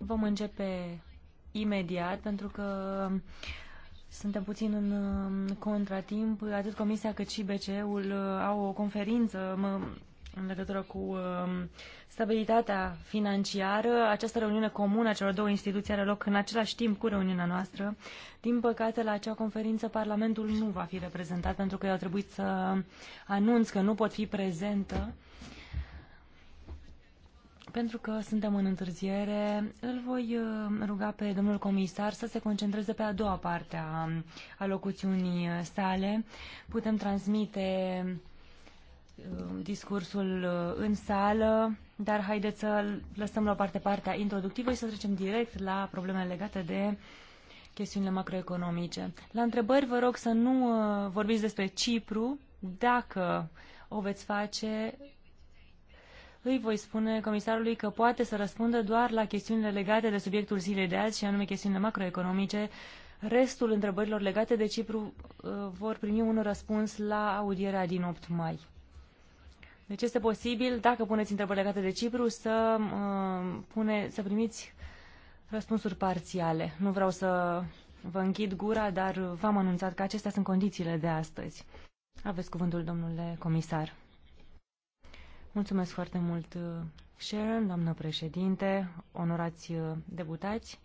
Vom începe imediat pentru că suntem puțin în um, contratimp. Atât Comisia cât și BCE-ul uh, au o conferință în legătură cu um, stabilitatea financiară. Această reuniune comună a celor două instituții are loc în același timp cu reuniunea noastră. Din păcate, la acea conferință Parlamentul nu va fi reprezentat pentru că eu a trebuit să anunț că nu pot fi prezentă. Pentru că suntem în întârziere, îl voi uh, ruga pe domnul comisar să se concentreze pe a doua parte a locuțiunii sale. Putem transmite Um, discursul uh, în sală, dar haideți să lăsăm la o parte partea introductivă și să trecem direct la problemele legate de chestiunile macroeconomice. La întrebări vă rog să nu uh, vorbiți despre Cipru. Dacă o veți face, îi voi spune comisarului că poate să răspundă doar la chestiunile legate de subiectul zilei de azi și anume chestiunile macroeconomice. Restul întrebărilor legate de Cipru uh, vor primi un răspuns la audierea din 8 mai. Deci este posibil, dacă puneți întrebări legate de Cipru, să, uh, pune, să primiți răspunsuri parțiale. Nu vreau să vă închid gura, dar v-am anunțat că acestea sunt condițiile de astăzi. Aveți cuvântul, domnule comisar. Mulțumesc foarte mult, uh, Sharon, doamnă președinte, onorați uh, deputați.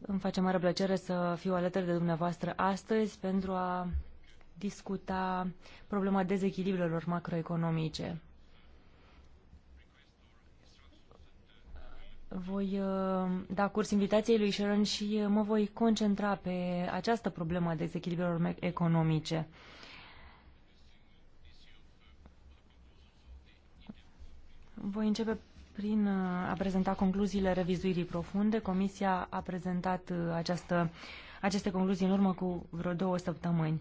Îmi face mare plăcere să fiu alături de dumneavoastră astăzi pentru a discuta problema dezechilibrelor macroeconomice. Voi uh, da curs invitației lui Sharon și uh, mă voi concentra pe această problemă a dezechilibrelor economice. Voi începe prin uh, a prezenta concluziile revizuirii profunde. Comisia a prezentat această, aceste concluzii în urmă cu vreo două săptămâni.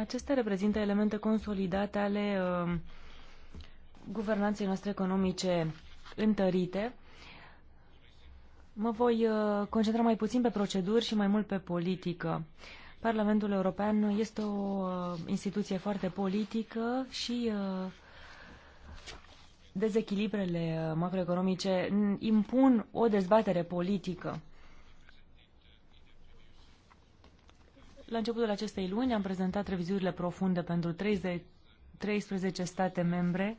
Acestea reprezintă elemente consolidate ale um, guvernanței noastre economice întărite. Mă voi uh, concentra mai puțin pe proceduri și mai mult pe politică. Parlamentul European este o uh, instituție foarte politică și uh, dezechilibrele macroeconomice impun o dezbatere politică. La începutul acestei luni am prezentat revizuirile profunde pentru 30, 13 state membre.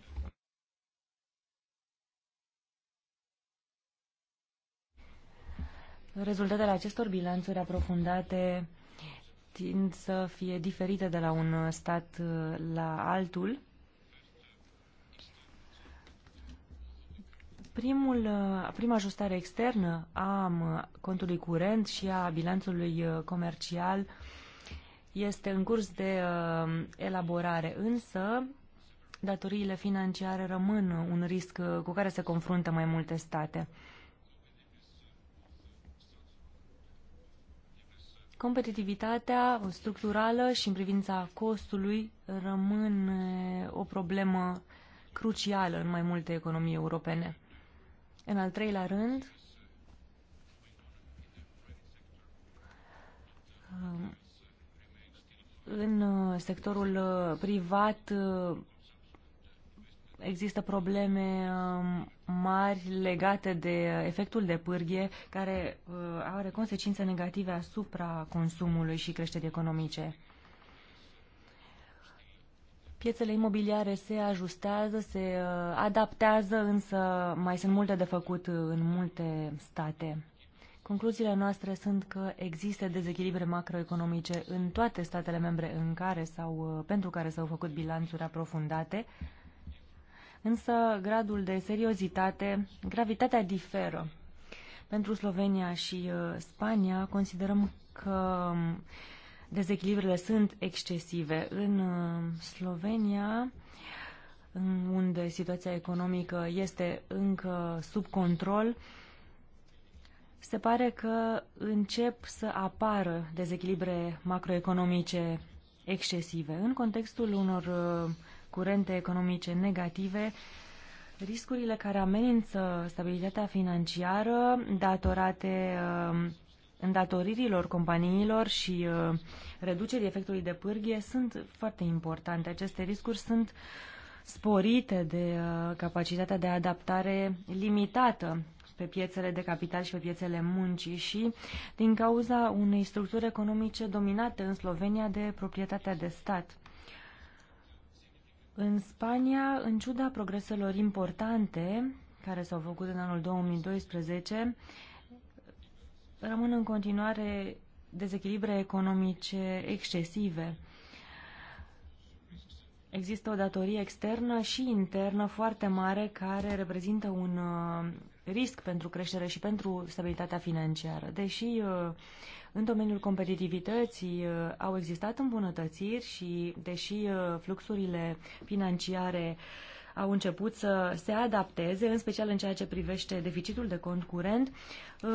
Rezultatele acestor bilanțuri aprofundate tind să fie diferite de la un stat uh, la altul. Primul, uh, prima ajustare externă a uh, contului curent și a bilanțului comercial este în curs de uh, elaborare, însă datoriile financiare rămân un risc uh, cu care se confruntă mai multe state. Competitivitatea structurală și în privința costului rămân o problemă crucială în mai multe economii europene. În al treilea rând, uh, în uh, sectorul uh, privat uh, există probleme um, mari legate de efectul de pârghie care are consecințe negative asupra consumului și creșterii economice. Piețele imobiliare se ajustează, se adaptează, însă mai sunt multe de făcut în multe state. Concluziile noastre sunt că există dezechilibre macroeconomice în toate statele membre în care sau uh, pentru care s-au făcut bilanțuri aprofundate, însă gradul de seriozitate, gravitatea diferă. Pentru Slovenia și uh, Spania considerăm că um, dezechilibrele sunt excesive. În uh, Slovenia, unde situația economică este încă sub control, se pare că încep să apară dezechilibre macroeconomice excesive. În contextul unor uh, curente economice negative, riscurile care amenință stabilitatea financiară datorate uh, îndatoririlor companiilor și uh, reducerii efectului de pârghie sunt foarte importante. Aceste riscuri sunt sporite de capacitatea de adaptare limitată pe piețele de capital și pe piețele muncii și din cauza unei structuri economice dominate în Slovenia de proprietatea de stat. În Spania, în ciuda progreselor importante care s-au făcut în anul 2012, rămân în continuare dezechilibre economice excesive. Există o datorie externă și internă foarte mare care reprezintă un risc pentru creștere și pentru stabilitatea financiară. Deși uh, în domeniul competitivității uh, au existat îmbunătățiri și deși uh, fluxurile financiare au început să se adapteze, în special în ceea ce privește deficitul de cont curent,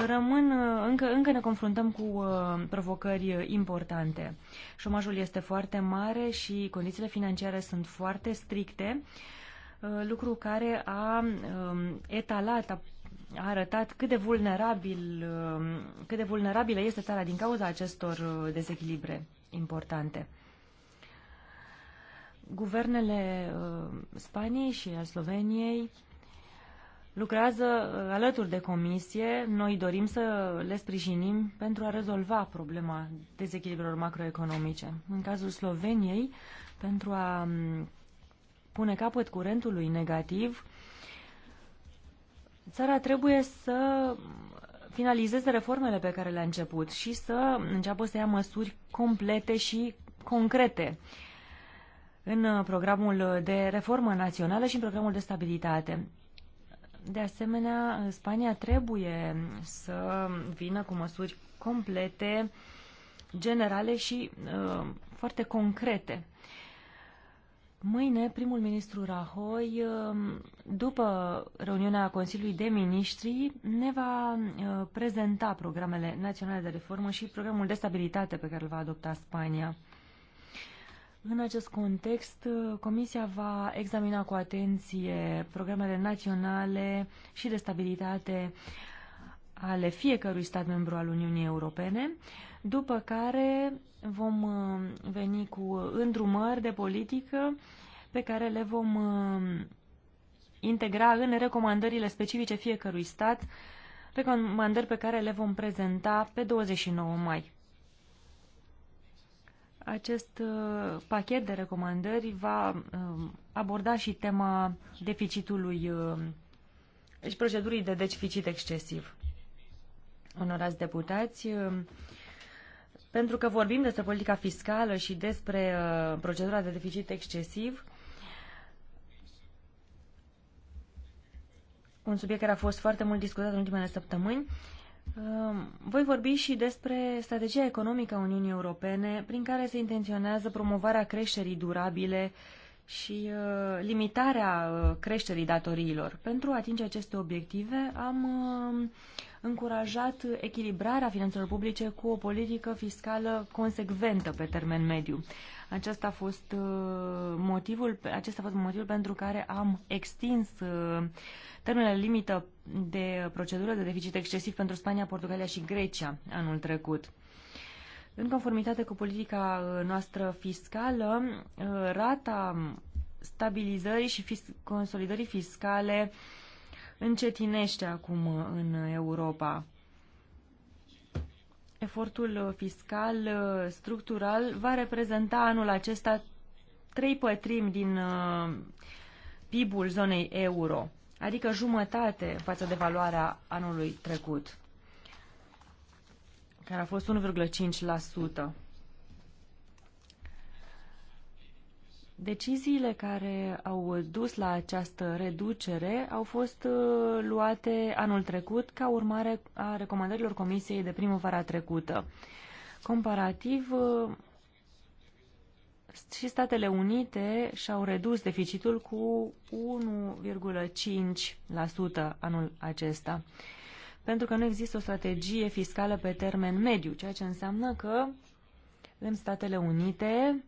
rămân, încă, încă ne confruntăm cu provocări importante. Șomajul este foarte mare și condițiile financiare sunt foarte stricte lucru care a um, etalat, a a arătat cât de, vulnerabil, um, cât de vulnerabilă este țara din cauza acestor uh, dezechilibre importante. Guvernele uh, Spaniei și a Sloveniei lucrează uh, alături de comisie. Noi dorim să le sprijinim pentru a rezolva problema dezechilibrelor macroeconomice. În cazul Sloveniei, pentru a um, pune capăt curentului negativ, Țara trebuie să finalizeze reformele pe care le-a început și să înceapă să ia măsuri complete și concrete în programul de reformă națională și în programul de stabilitate. De asemenea, Spania trebuie să vină cu măsuri complete, generale și uh, foarte concrete Mâine, primul ministru Rahoi, um, după reuniunea Consiliului de Ministri, ne va uh, prezenta programele naționale de reformă și programul de stabilitate pe care îl va adopta Spania. În acest context, uh, Comisia va examina cu atenție programele naționale și de stabilitate ale fiecărui stat membru al Uniunii Europene, după care vom uh, veni cu îndrumări de politică pe care le vom uh, integra în recomandările specifice fiecărui stat, recomandări pe care le vom prezenta pe 29 mai. Acest uh, pachet de recomandări va aborda și tema deficitului și procedurii de deficit excesiv. Onorați deputați, pentru că vorbim despre politica fiscală și despre uh, procedura de deficit excesiv, un subiect care a fost foarte mult discutat în ultimele săptămâni, uh, voi vorbi și despre strategia economică a Uniunii Europene, prin care se intenționează promovarea creșterii durabile uh, și uh, limitarea uh, creșterii datoriilor. Pentru a atinge aceste obiective am uh, încurajat echilibrarea finanțelor publice cu o politică fiscală consecventă pe termen mediu. Acesta a fost uh, motivul, acesta a fost motivul pentru care am extins uh, termenul limită de procedură de deficit excesiv pentru Spania, Portugalia și Grecia anul trecut. În conformitate cu politica uh, noastră fiscală, uh, rata stabilizării și fis- consolidării fiscale încetinește acum uh, în Europa. Efortul fiscal structural va reprezenta anul acesta trei pătrimi din PIB-ul zonei euro, adică jumătate față de valoarea anului trecut care a fost 1,5%. Deciziile care au dus la această reducere au fost uh, luate anul trecut ca urmare a recomandărilor Comisiei de primăvara trecută. Comparativ, uh, și Statele Unite și-au redus deficitul cu 1,5% anul acesta pentru că nu există o strategie fiscală pe termen mediu, ceea ce înseamnă că în Statele Unite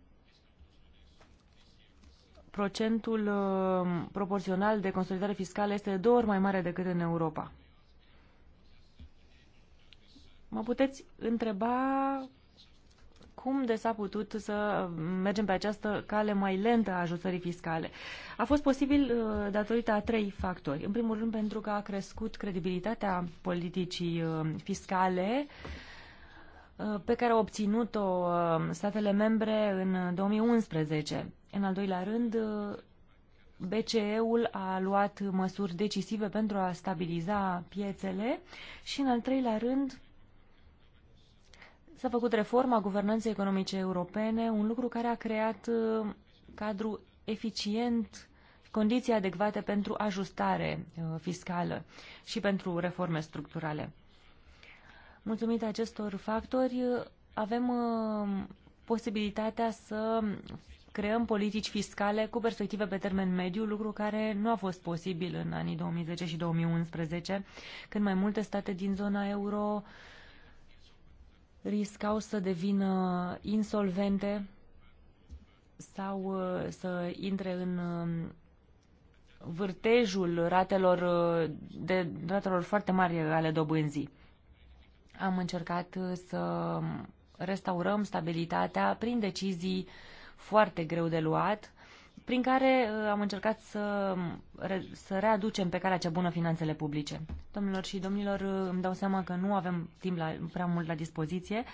procentul uh, proporțional de consolidare fiscală este de două ori mai mare decât în Europa. Mă puteți întreba cum de s-a putut să mergem pe această cale mai lentă a ajustării fiscale. A fost posibil uh, datorită a trei factori. În primul rând pentru că a crescut credibilitatea politicii uh, fiscale uh, pe care au obținut-o statele membre în 2011. În al doilea rând, BCE-ul a luat măsuri decisive pentru a stabiliza piețele și, în al treilea rând, S-a făcut reforma guvernanței economice europene, un lucru care a creat uh, cadru eficient, condiții adecvate pentru ajustare uh, fiscală și pentru reforme structurale. Mulțumită acestor factori, uh, avem posibilitatea să creăm politici fiscale cu perspective pe termen mediu, lucru care nu a fost posibil în anii 2010 și 2011, când mai multe state din zona euro riscau să devină insolvente sau uh, să intre în um, vârtejul ratelor, uh, de, ratelor foarte mari ale dobânzii. Am încercat uh, să restaurăm stabilitatea prin decizii foarte greu de luat, prin care uh, am încercat să, să readucem pe calea cea bună finanțele publice. Domnilor și domnilor, uh, îmi dau seama că nu avem timp la, prea mult la dispoziție.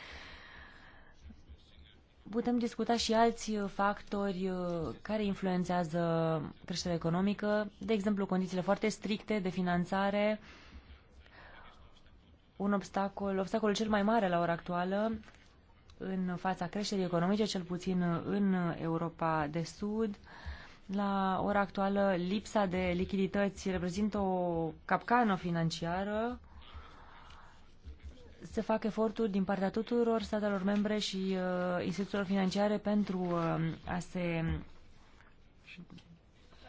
Putem discuta și alți uh, factori care influențează creșterea economică, de exemplu condițiile foarte stricte de finanțare, un obstacol, obstacolul cel mai mare la ora actuală în fața creșterii economice, cel puțin în Europa de Sud, uh, la ora actuală, lipsa de lichidități reprezintă o capcană financiară. Se fac eforturi din partea tuturor statelor membre și uh, instituțiilor financiare pentru uh, a se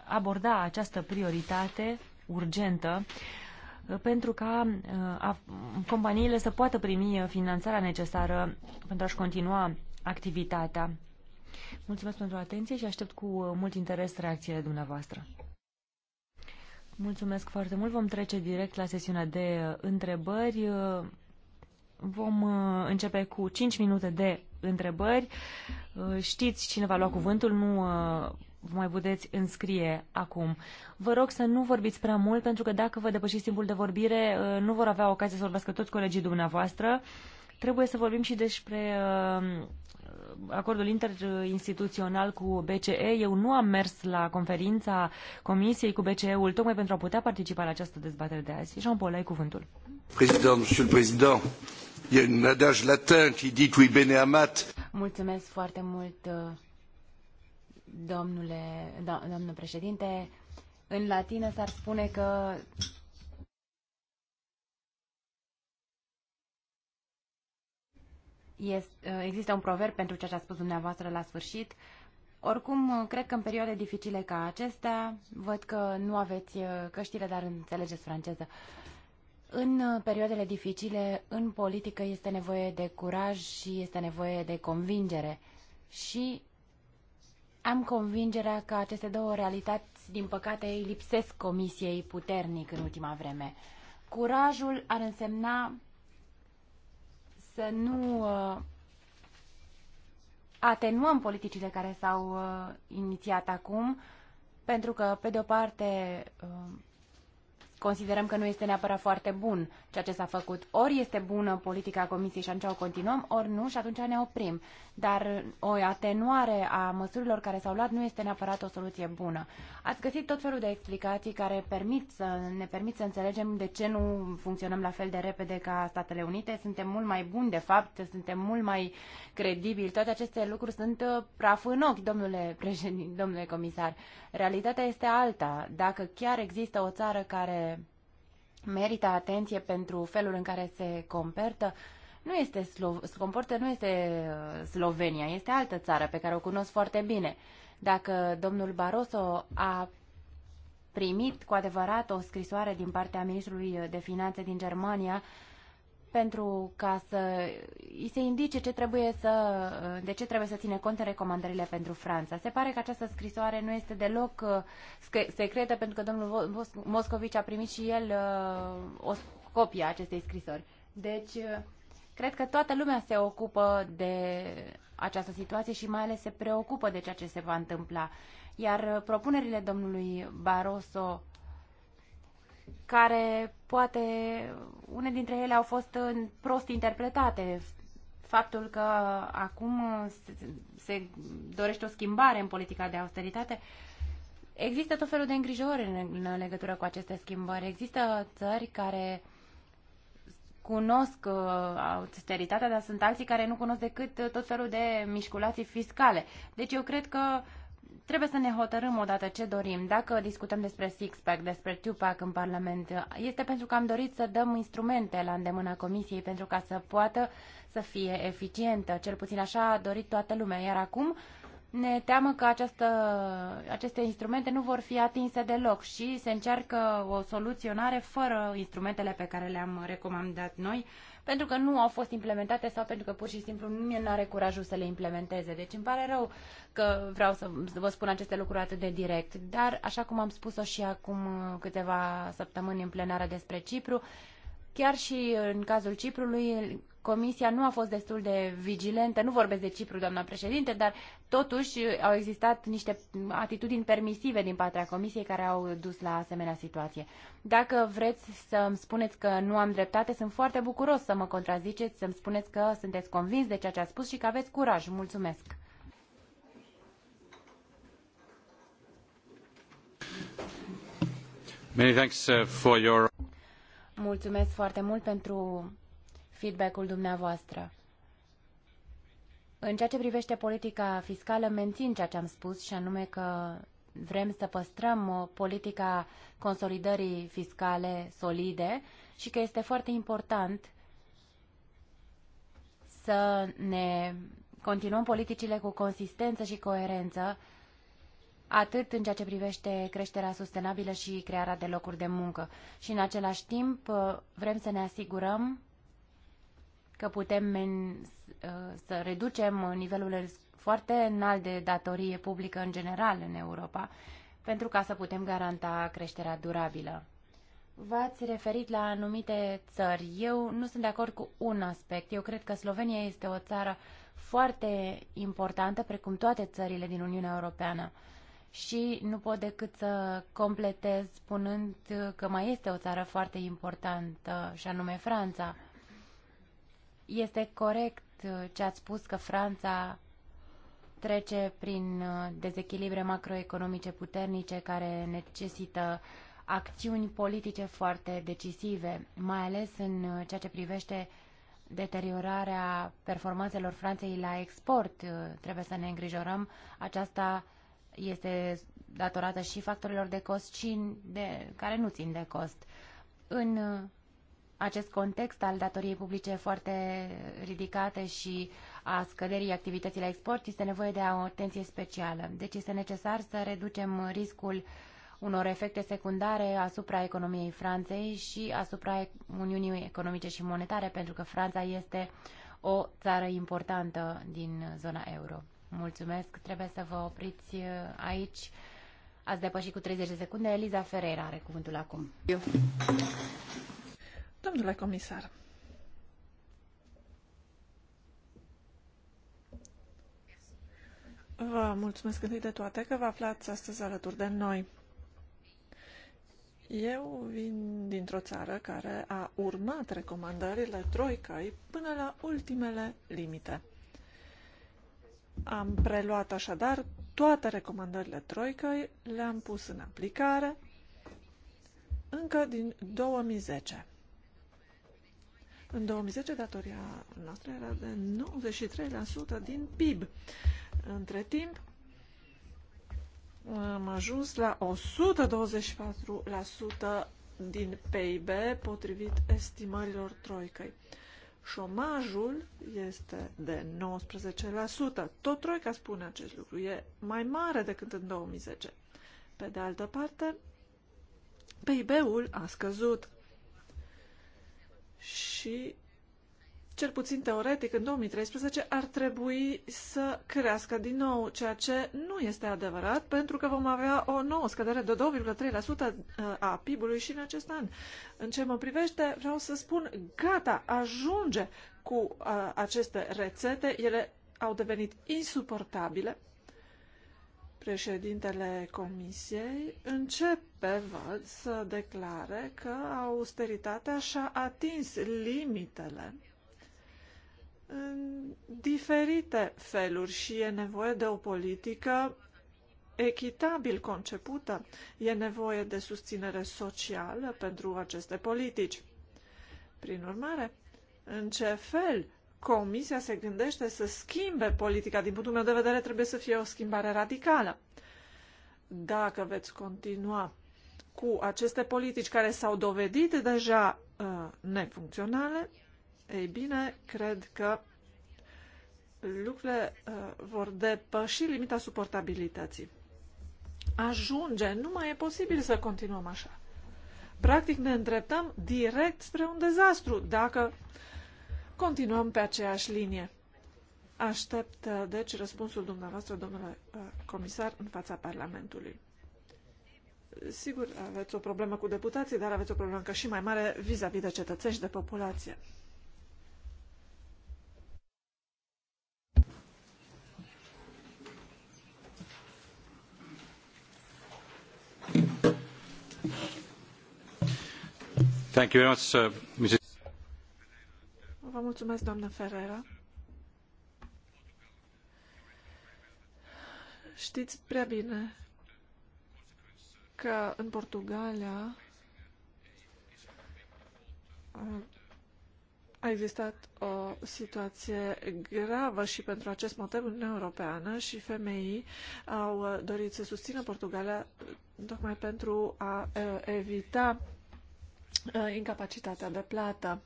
aborda această prioritate urgentă uh, pentru ca uh, a, companiile să poată primi uh, finanțarea necesară pentru a-și continua activitatea Mulțumesc pentru atenție și aștept cu uh, mult interes reacțiile dumneavoastră. Mulțumesc foarte mult. Vom trece direct la sesiunea de uh, întrebări. Uh, vom începe cu 5 minute de întrebări. Știți cine va lua cuvântul, nu vă mai puteți înscrie acum. Vă rog să nu vorbiți prea mult, pentru că dacă vă depășiți timpul de vorbire, nu vor avea ocazia să vorbească toți colegii dumneavoastră. Trebuie să vorbim și despre acordul interinstituțional cu BCE. Eu nu am mers la conferința Comisiei cu BCE-ul tocmai pentru a putea participa la această dezbatere de azi. Jean-Paul, ai cuvântul. Président, monsieur le président, il y a un adage latin qui dit cui bene amat. Mulțumesc foarte mult, domnule, do, domnul președinte. În latină s-ar spune că este, uh, există un proverb pentru ceea ce a spus dumneavoastră la sfârșit. Oricum, uh, cred că în perioade dificile ca acestea, văd că nu aveți uh, căștile, dar înțelegeți franceză. În perioadele dificile, în politică, este nevoie de curaj și este nevoie de convingere. Și am convingerea că aceste două realități, din păcate, îi lipsesc comisiei puternic în ultima vreme. Curajul ar însemna să nu uh, atenuăm politicile care s-au uh, inițiat acum, pentru că, pe de o parte, uh, considerăm că nu este neapărat foarte bun ceea ce s-a făcut. Ori este bună politica Comisiei și atunci o continuăm, ori nu și atunci ne oprim. Dar o atenuare a măsurilor care s-au luat nu este neapărat o soluție bună. Ați găsit tot felul de explicații care permit să, ne permit să înțelegem de ce nu funcționăm la fel de repede ca Statele Unite. Suntem mult mai buni, de fapt, suntem mult mai credibili. Toate aceste lucruri sunt uh, praf în ochi, domnule, președinte, domnule comisar. Realitatea este alta. Dacă chiar există o țară care merită atenție pentru felul în care se comportă. Nu este Slo- se comportă, nu este uh, Slovenia, este altă țară pe care o cunosc foarte bine. Dacă domnul Barroso a primit cu adevărat o scrisoare din partea ministrului de finanțe din Germania pentru ca să îi se indice ce trebuie să, de ce trebuie să ține cont în recomandările pentru Franța. Se pare că această scrisoare nu este deloc uh, secretă pentru că domnul Moscovici a primit și el uh, o copie a acestei scrisori. Deci, uh, cred că toată lumea se ocupă de această situație și mai ales se preocupă de ceea ce se va întâmpla. Iar propunerile domnului Barroso care poate une dintre ele au fost prost interpretate. Faptul că acum se dorește o schimbare în politica de austeritate Există tot felul de îngrijorări în, în legătură cu aceste schimbări. Există țări care cunosc uh, austeritatea, dar sunt alții care nu cunosc decât tot felul de mișculații fiscale. Deci eu cred că Trebuie să ne hotărâm odată ce dorim. Dacă discutăm despre six-pack, despre two-pack în Parlament, este pentru că am dorit să dăm instrumente la îndemâna Comisiei pentru ca să poată să fie eficientă. Cel puțin așa a dorit toată lumea. Iar acum ne teamă că această, aceste instrumente nu vor fi atinse deloc și se încearcă o soluționare fără instrumentele pe care le-am recomandat noi pentru că nu au fost implementate sau pentru că pur și simplu nu are curajul să le implementeze. Deci îmi pare rău că vreau să vă spun aceste lucruri atât de direct, dar așa cum am spus-o și acum câteva săptămâni în plenară despre Cipru, Chiar și în cazul Ciprului, Comisia nu a fost destul de vigilentă, nu vorbesc de Cipru, doamna președinte, dar totuși au existat niște atitudini permisive din partea Comisiei care au dus la asemenea situație. Dacă vreți să îmi spuneți că nu am dreptate, sunt foarte bucuros să mă contraziceți, să-mi spuneți că sunteți convins de ceea ce ați spus și că aveți curaj. Mulțumesc! Many thanks uh, for your Mulțumesc foarte mult pentru feedback-ul dumneavoastră. În ceea ce privește politica fiscală, mențin ceea ce am spus și anume că vrem să păstrăm uh, politica consolidării fiscale solide și că este foarte important să ne continuăm politicile cu consistență și coerență atât în ceea ce privește creșterea sustenabilă și crearea de locuri de muncă. Și în același timp uh, vrem să ne asigurăm că putem uh, să reducem nivelul foarte înalt de datorie publică în general în Europa, pentru ca să putem garanta creșterea durabilă. V-ați referit la anumite țări. Eu nu sunt de acord cu un aspect. Eu cred că Slovenia este o țară foarte importantă, precum toate țările din Uniunea Europeană și nu pot decât să completez spunând că mai este o țară foarte importantă și anume Franța. Este corect uh, ce ați spus că Franța trece prin uh, dezechilibre macroeconomice puternice care necesită acțiuni politice foarte decisive, mai ales în uh, ceea ce privește deteriorarea performanțelor Franței la export. Trebuie să ne îngrijorăm. Aceasta este datorată și factorilor de cost și de, care nu țin de cost. În uh, acest context al datoriei publice foarte ridicate și a scăderii activității la export, este nevoie de o atenție specială. Deci este necesar să reducem riscul unor efecte secundare asupra economiei Franței și asupra Uniunii Economice și Monetare, pentru că Franța este o țară importantă din zona euro. Mulțumesc, trebuie să vă opriți uh, aici. Ați depășit cu 30 de secunde. Eliza Ferreira are cuvântul acum. Eu. Domnule comisar, Vă mulțumesc întâi de toate că vă aflați astăzi alături de noi. Eu vin dintr-o țară care a urmat recomandările Troicăi până la ultimele limite. Am preluat așadar toate recomandările Troicăi, le-am pus în aplicare încă din 2010. În 2010 datoria noastră era de 93% din PIB. Între timp am ajuns la 124% din PIB potrivit estimărilor troicăi. Șomajul este de 19%. Tot Troica spune acest lucru. E mai mare decât în 2010. Pe de altă parte, PIB-ul a scăzut și cel puțin teoretic, în 2013 ar trebui să crească din nou, ceea ce nu este adevărat, pentru că vom avea o nouă scădere de 2,3% uh, a PIB-ului și în acest an. În ce mă privește, vreau să spun, gata, ajunge cu a, uh, aceste rețete, ele au devenit insuportabile. Președintele Comisiei începe, văd, să declare că austeritatea și-a atins limitele în diferite feluri și e nevoie de o politică echitabil concepută. E nevoie de susținere socială pentru aceste politici. Prin urmare, în ce fel Comisia se gândește să schimbe politica? Din punctul meu de vedere, trebuie să fie o schimbare radicală. Dacă veți continua cu aceste politici care s-au dovedit deja uh, nefuncționale, ei bine, cred că lucrurile uh, vor depăși limita suportabilității. Ajunge, nu mai e posibil să continuăm așa. Practic ne îndreptăm direct spre un dezastru dacă continuăm pe aceeași linie. Aștept, uh, deci, răspunsul dumneavoastră, domnule uh, comisar, în fața Parlamentului. Sigur, aveți o problemă cu deputații, dar aveți o problemă că și mai mare vis-a-vis -vis de cetățeni și de populație. Thank mulțumesc, doamnă Ferreira. Știți prea bine că în Portugalia uh, a existat o situație gravă și pentru acest motiv Uniunea Europeană și femeii au dorit să susțină Portugalia tocmai pentru a uh, evita Uh, incapacitatea de plată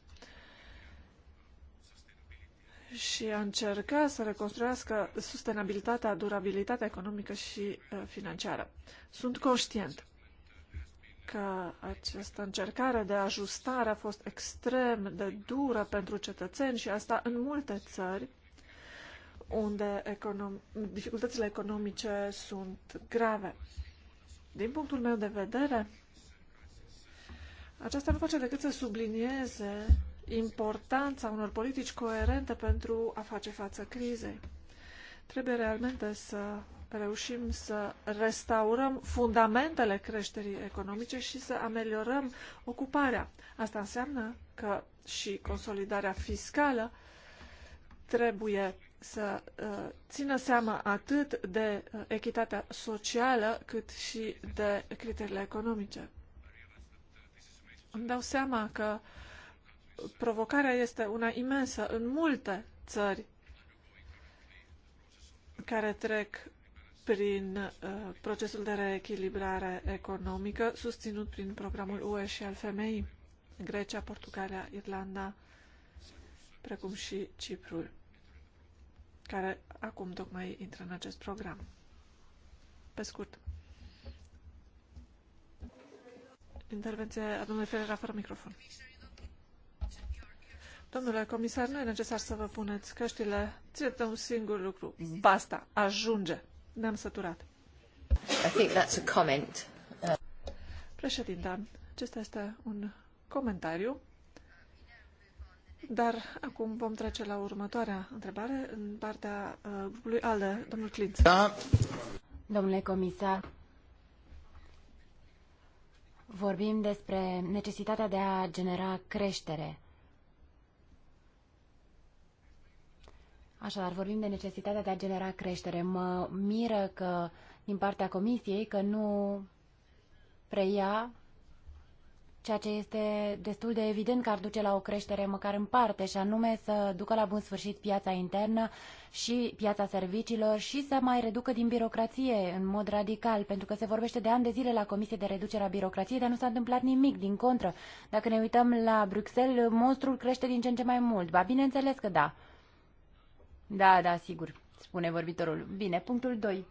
și a încerca să reconstruiască sustenabilitatea, durabilitatea economică și uh, financiară. Sunt conștient că această încercare de ajustare a fost extrem de dură pentru cetățeni și asta în multe țări unde econom- dificultățile economice sunt grave. Din punctul meu de vedere, aceasta nu face decât să sublinieze importanța unor politici coerente pentru a face față crizei. Trebuie realmente să reușim să restaurăm fundamentele creșterii economice și să ameliorăm ocuparea. Asta înseamnă că și consolidarea fiscală trebuie să uh, țină seama atât de uh, echitatea socială cât și de criteriile economice. Îmi dau seama că provocarea este una imensă în multe țări care trec prin uh, procesul de reechilibrare economică susținut prin programul UE și al femei, Grecia, Portugalia, Irlanda, precum și Ciprul, care acum tocmai intră în acest program. Pe scurt, Intervenție a domnului Ferreira fără microfon. Domnule comisar, nu e necesar să vă puneți căștile. Țineți un singur lucru. Basta. Ajunge. Ne-am săturat. I think that's a comment. Președinta, acesta este un comentariu. Dar acum vom trece la următoarea întrebare în partea uh, grupului ALDE, domnul Clint. Da. Domnule comisar, vorbim despre necesitatea de a genera creștere. Așadar, vorbim de necesitatea de a genera creștere. Mă miră că din partea Comisiei că nu preia ceea ce este destul de evident că ar duce la o creștere măcar în parte, și anume să ducă la bun sfârșit piața internă și piața serviciilor și să mai reducă din birocrație în mod radical, pentru că se vorbește de ani de zile la Comisie de Reducere a Birocrației, dar nu s-a întâmplat nimic, din contră. Dacă ne uităm la Bruxelles, monstrul crește din ce în ce mai mult. Ba, bineînțeles că da. Da, da, sigur, spune vorbitorul. Bine, punctul 2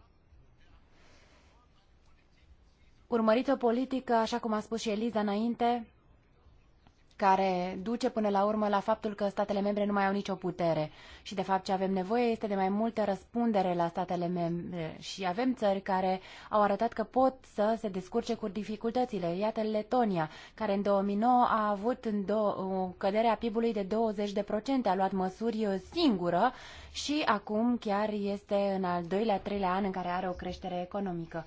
urmărit o politică, așa cum a spus și Eliza înainte, care duce până la urmă la faptul că statele membre nu mai au nicio putere. Și de fapt ce avem nevoie este de mai multă răspundere la statele membre. Și avem țări care au arătat că pot să se descurce cu dificultățile. Iată Letonia, care în 2009 a avut în do- o cădere a PIB-ului de 20%, a luat măsuri singură și acum chiar este în al doilea, treilea an în care are o creștere economică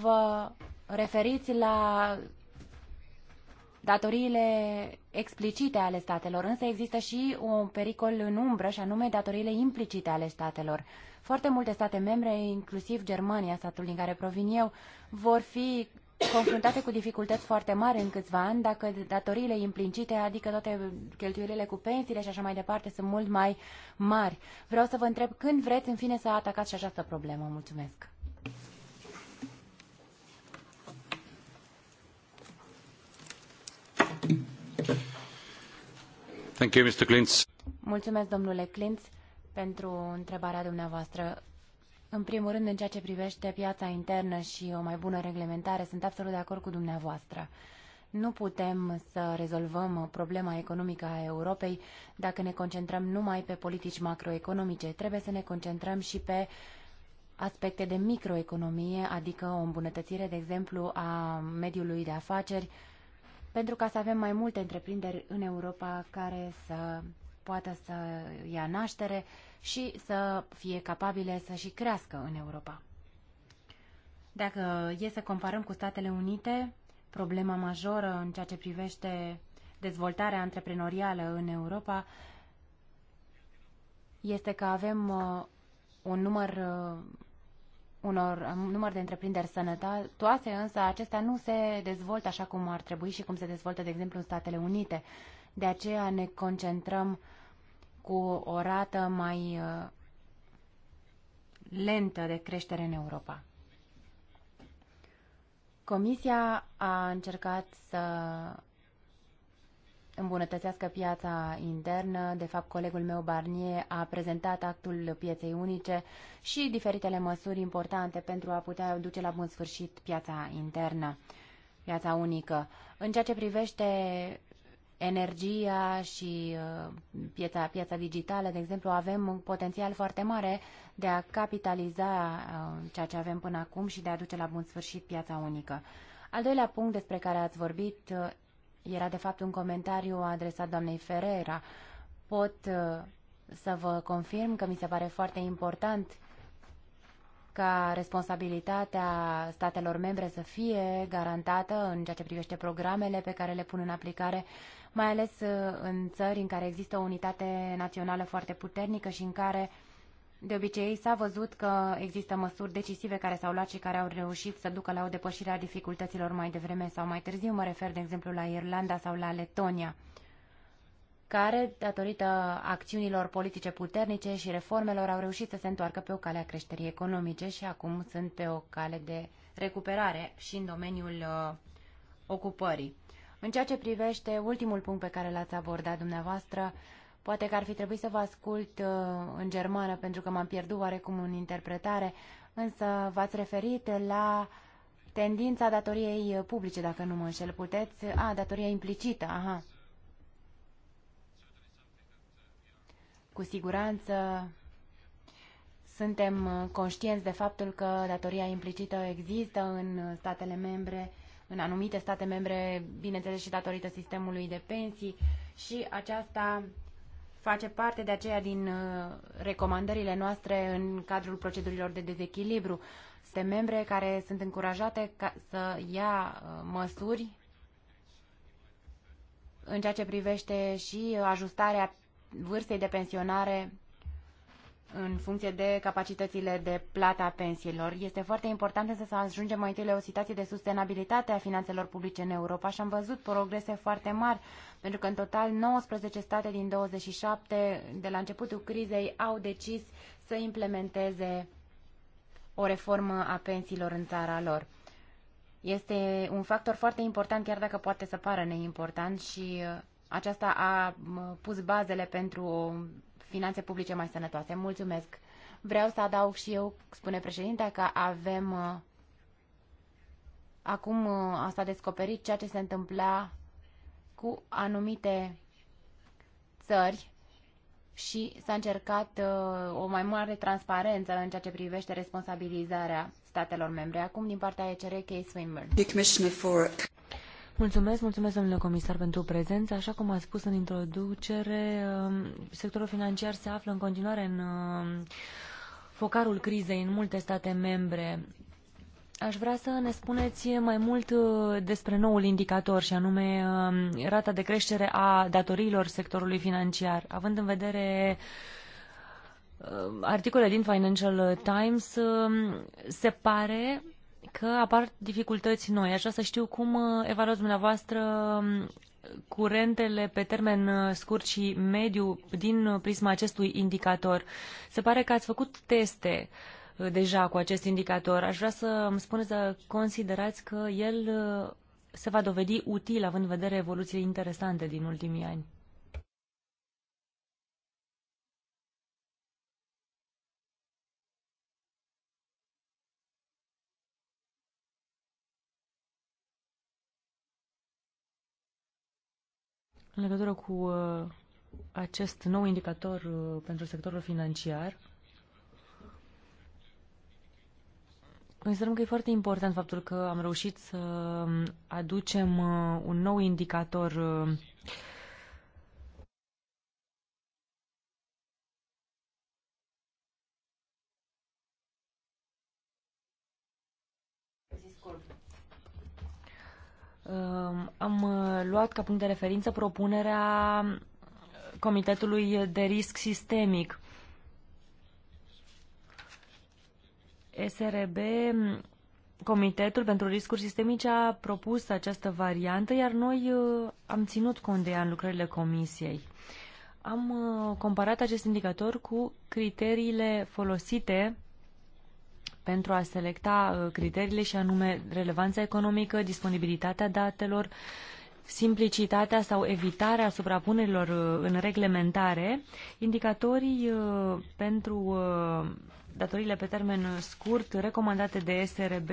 vă referiți la datoriile explicite ale statelor, însă există și un pericol în umbră, și anume datoriile implicite ale statelor. Foarte multe state membre, inclusiv Germania, statul din care provin eu, vor fi confruntate cu dificultăți foarte mari în câțiva ani dacă datoriile implicite, adică toate cheltuielile cu pensiile și așa mai departe, sunt mult mai mari. Vreau să vă întreb când vreți, în fine, să atacați și această problemă. Mulțumesc! Mulțumesc, domnule Klinz pentru întrebarea dumneavoastră. În primul rând, în ceea ce privește piața internă și o mai bună reglementare, sunt absolut de acord cu dumneavoastră. Nu putem să rezolvăm problema economică a Europei dacă ne concentrăm numai pe politici macroeconomice. Trebuie să ne concentrăm și pe aspecte de microeconomie, adică o îmbunătățire, de exemplu, a mediului de afaceri, pentru ca să avem mai multe întreprinderi în Europa care să poată să ia naștere și să fie capabile să și crească în Europa. Dacă e să comparăm cu Statele Unite, problema majoră în ceea ce privește dezvoltarea antreprenorială în Europa este că avem uh, un număr uh, unor um, număr de întreprinderi sănătoase, însă acestea nu se dezvoltă așa cum ar trebui și cum se dezvoltă, de exemplu, în Statele Unite. De aceea ne concentrăm cu o rată mai uh, lentă de creștere în Europa. Comisia a încercat să îmbunătățească piața internă. De fapt, colegul meu Barnier a prezentat actul pieței unice și diferitele măsuri importante pentru a putea duce la bun sfârșit piața internă, piața unică. În ceea ce privește energia și uh, piața, piața digitală, de exemplu, avem un potențial foarte mare de a capitaliza uh, ceea ce avem până acum și de a duce la bun sfârșit piața unică. Al doilea punct despre care ați vorbit uh, era de fapt un comentariu adresat doamnei Ferreira. Pot uh, să vă confirm că mi se pare foarte important ca responsabilitatea statelor membre să fie garantată în ceea ce privește programele pe care le pun în aplicare, mai ales uh, în țări în care există o unitate națională foarte puternică și în care uh, de obicei s-a văzut că există măsuri decisive care s-au luat și care au reușit să ducă la o depășire a dificultăților mai devreme sau mai târziu. Mă refer, de exemplu, la Irlanda sau la Letonia, care, datorită acțiunilor politice puternice și reformelor, au reușit să se întoarcă pe o cale a creșterii economice și acum sunt pe o cale de recuperare și în domeniul uh, ocupării. În ceea ce privește ultimul punct pe care l-ați abordat dumneavoastră, uh, Poate că ar fi trebuit să vă ascult uh, în germană, pentru că m-am pierdut oarecum în interpretare, însă v-ați referit la tendința datoriei uh, publice, dacă nu mă înșel. Puteți... A, datoria implicită, aha. Cu siguranță suntem uh, conștienți de faptul că datoria implicită există în statele membre, în anumite state membre, bineînțeles și datorită sistemului de pensii și aceasta face parte de aceea din uh, recomandările noastre în cadrul procedurilor de dezechilibru. Suntem membre care sunt încurajate ca să ia uh, măsuri în ceea ce privește și uh, ajustarea vârstei de pensionare în funcție de capacitățile de plata a pensiilor. Este foarte important însă să ajungem mai întâi la o situație de sustenabilitate a finanțelor publice în Europa și am văzut progrese foarte mari, pentru că în total 19 state din 27 de la începutul crizei au decis să implementeze o reformă a pensiilor în țara lor. Este un factor foarte important, chiar dacă poate să pară neimportant și uh, aceasta a uh, pus bazele pentru o finanțe publice mai sănătoase. Mulțumesc! Vreau să adaug și eu, spune președintea, că avem uh, acum uh, s-a descoperit ceea ce se întâmpla cu anumite țări și s-a încercat uh, o mai mare transparență în ceea ce privește responsabilizarea statelor membre. Acum, din partea ECR, Kay Swinburne. Mulțumesc, mulțumesc, domnule comisar, pentru prezență. Așa cum a spus în introducere, um, sectorul financiar se află în continuare în um, focarul crizei în multe state membre. Aș vrea să ne spuneți mai mult uh, despre noul indicator și anume um, rata de creștere a datoriilor sectorului financiar, având în vedere articole din Financial Times se pare că apar dificultăți noi. Aș vrea să știu cum uh, evaluați dumneavoastră um, curentele pe termen uh, scurt și mediu din uh, prisma acestui indicator. Se pare că ați făcut teste deja cu acest indicator. Aș vrea să îmi spuneți să considerați că el se va dovedi util având în vedere evoluțiile interesante din ultimii ani. În legătură cu uh, acest nou indicator uh, pentru sectorul financiar, Considerăm că e foarte important faptul că am reușit să um, aducem uh, un nou indicator Um, am uh, luat ca punct de referință propunerea Comitetului de Risc Sistemic. SRB, Comitetul pentru Riscuri Sistemice, a propus această variantă, iar noi uh, am ținut cont de ea în lucrările Comisiei. Am uh, comparat acest indicator cu criteriile folosite pentru a selecta uh, criteriile și anume relevanța economică, disponibilitatea datelor, simplicitatea sau evitarea suprapunerilor uh, în reglementare, indicatorii uh, pentru datoriile pe termen scurt recomandate de SRB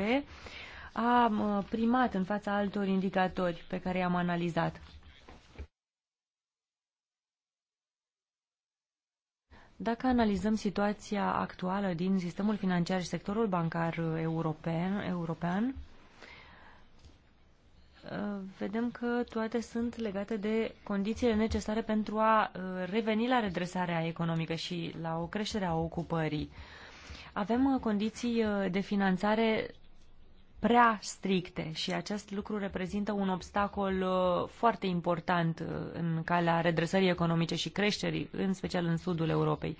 a primat în fața altor indicatori pe care i-am analizat. Dacă analizăm situația actuală din sistemul financiar și sectorul bancar european, european vedem că toate sunt legate de condițiile necesare pentru a uh, reveni la redresarea economică și la o creștere a ocupării. Avem uh, condiții uh, de finanțare prea stricte și acest lucru reprezintă un obstacol uh, foarte important uh, în calea redresării economice și creșterii, în special în sudul Europei.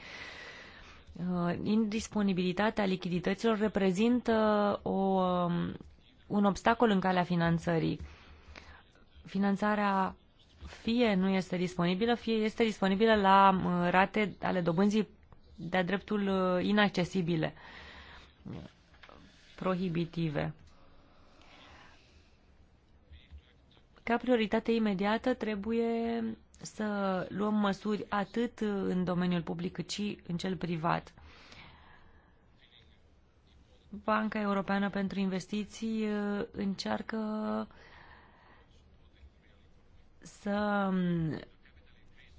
Uh, indisponibilitatea lichidităților reprezintă o, um, un obstacol în calea finanțării. Finanțarea fie nu este disponibilă, fie este disponibilă la rate ale dobânzii de-a dreptul inaccesibile, prohibitive. Ca prioritate imediată trebuie să luăm măsuri atât în domeniul public cât și în cel privat. Banca Europeană pentru Investiții uh, încearcă să um,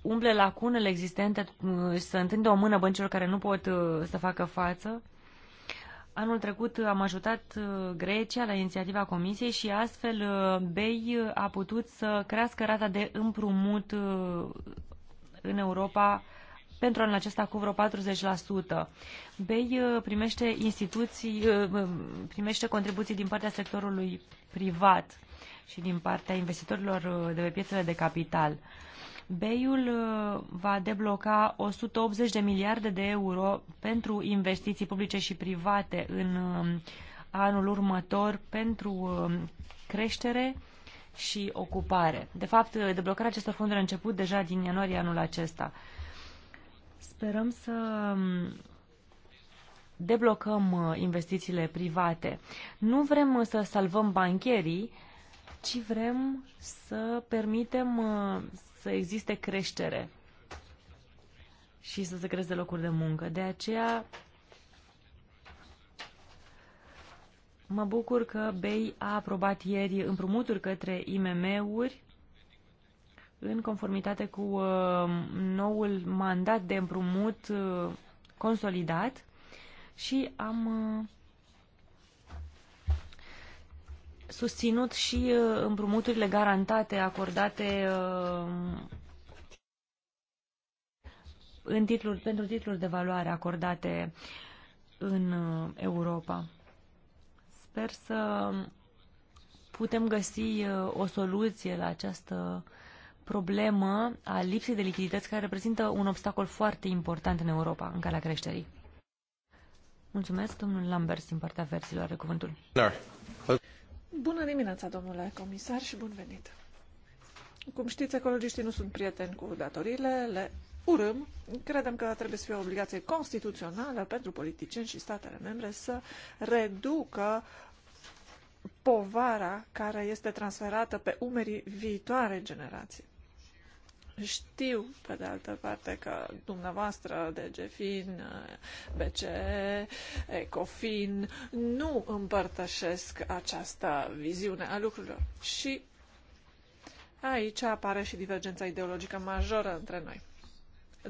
umple lacunele existente, uh, să întindă o mână băncilor care nu pot uh, să facă față. Anul trecut am ajutat uh, Grecia la inițiativa Comisiei și astfel uh, BEI uh, a putut să crească rata de împrumut în Europa pentru anul acesta cu vreo 40%. BEI primește, instituții, primește contribuții din partea sectorului privat și din partea investitorilor de pe piețele de capital. BEI-ul uh, va debloca 180 de miliarde de euro pentru investiții publice și private în uh, anul următor pentru uh, creștere și ocupare. De fapt, deblocarea acestor fonduri a început deja din ianuarie anul acesta. Sperăm să um, deblocăm investițiile private. Nu vrem să salvăm bancherii, ci vrem să permitem să existe creștere și să se creeze locuri de muncă. De aceea mă bucur că BEI a aprobat ieri împrumuturi către IMM-uri în conformitate cu uh, noul mandat de împrumut uh, consolidat și am uh, susținut și uh, împrumuturile garantate acordate uh, în titluri, pentru titluri de valoare acordate în uh, Europa. Sper să putem găsi o soluție la această problemă a lipsei de lichidități care reprezintă un obstacol foarte important în Europa în calea creșterii. Mulțumesc, domnul Lambert, din partea verzilor, are cuvântul. No. Bună dimineața, domnule comisar, și bun venit! Cum știți, ecologiștii nu sunt prieteni cu datoriile, le urâm. Credem că trebuie să fie o obligație constituțională pentru politicieni și statele membre să reducă povara care este transferată pe umerii viitoare generații. Știu, pe de altă parte, că dumneavoastră, DGFIN, BCE, ECOFIN, nu împărtășesc această viziune a lucrurilor. Și aici apare și divergența ideologică majoră între noi.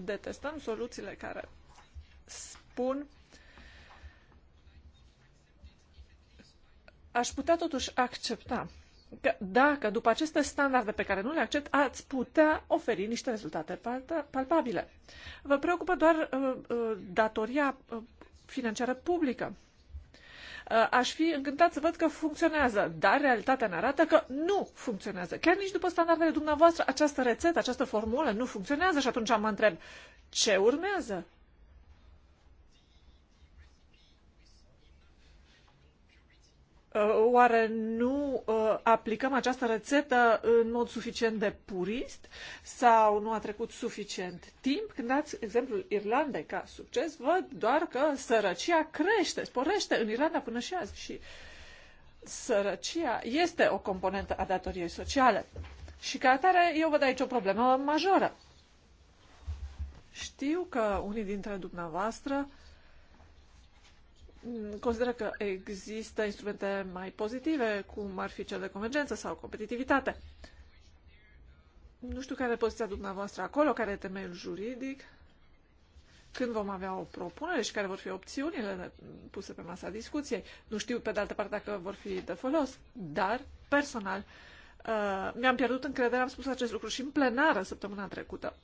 Detestăm soluțiile care spun aș putea totuși accepta că dacă după aceste standarde pe care nu le accept, ați putea oferi niște rezultate palpabile. Vă preocupă doar uh, uh, datoria uh, financiară publică. Uh, aș fi încântat să văd că funcționează, dar realitatea ne arată că nu funcționează. Chiar nici după standardele dumneavoastră, această rețetă, această formulă nu funcționează și atunci mă întreb ce urmează? Uh, oare nu uh, aplicăm această rețetă în mod suficient de purist sau nu a trecut suficient timp? Când dați exemplul Irlandei ca succes, văd doar că sărăcia crește, sporește în Irlanda până și azi și sărăcia este o componentă a datoriei sociale. Și ca atare, eu văd aici o problemă majoră. Știu că unii dintre dumneavoastră consideră că există instrumente mai pozitive, cum ar fi cel de convergență sau competitivitate. Nu știu care e poziția dumneavoastră acolo, care e temeiul juridic, când vom avea o propunere și care vor fi opțiunile puse pe masa discuției. Nu știu, pe de altă parte, dacă vor fi de folos, dar, personal, uh, mi-am pierdut încrederea, am spus acest lucru și în plenară săptămâna trecută.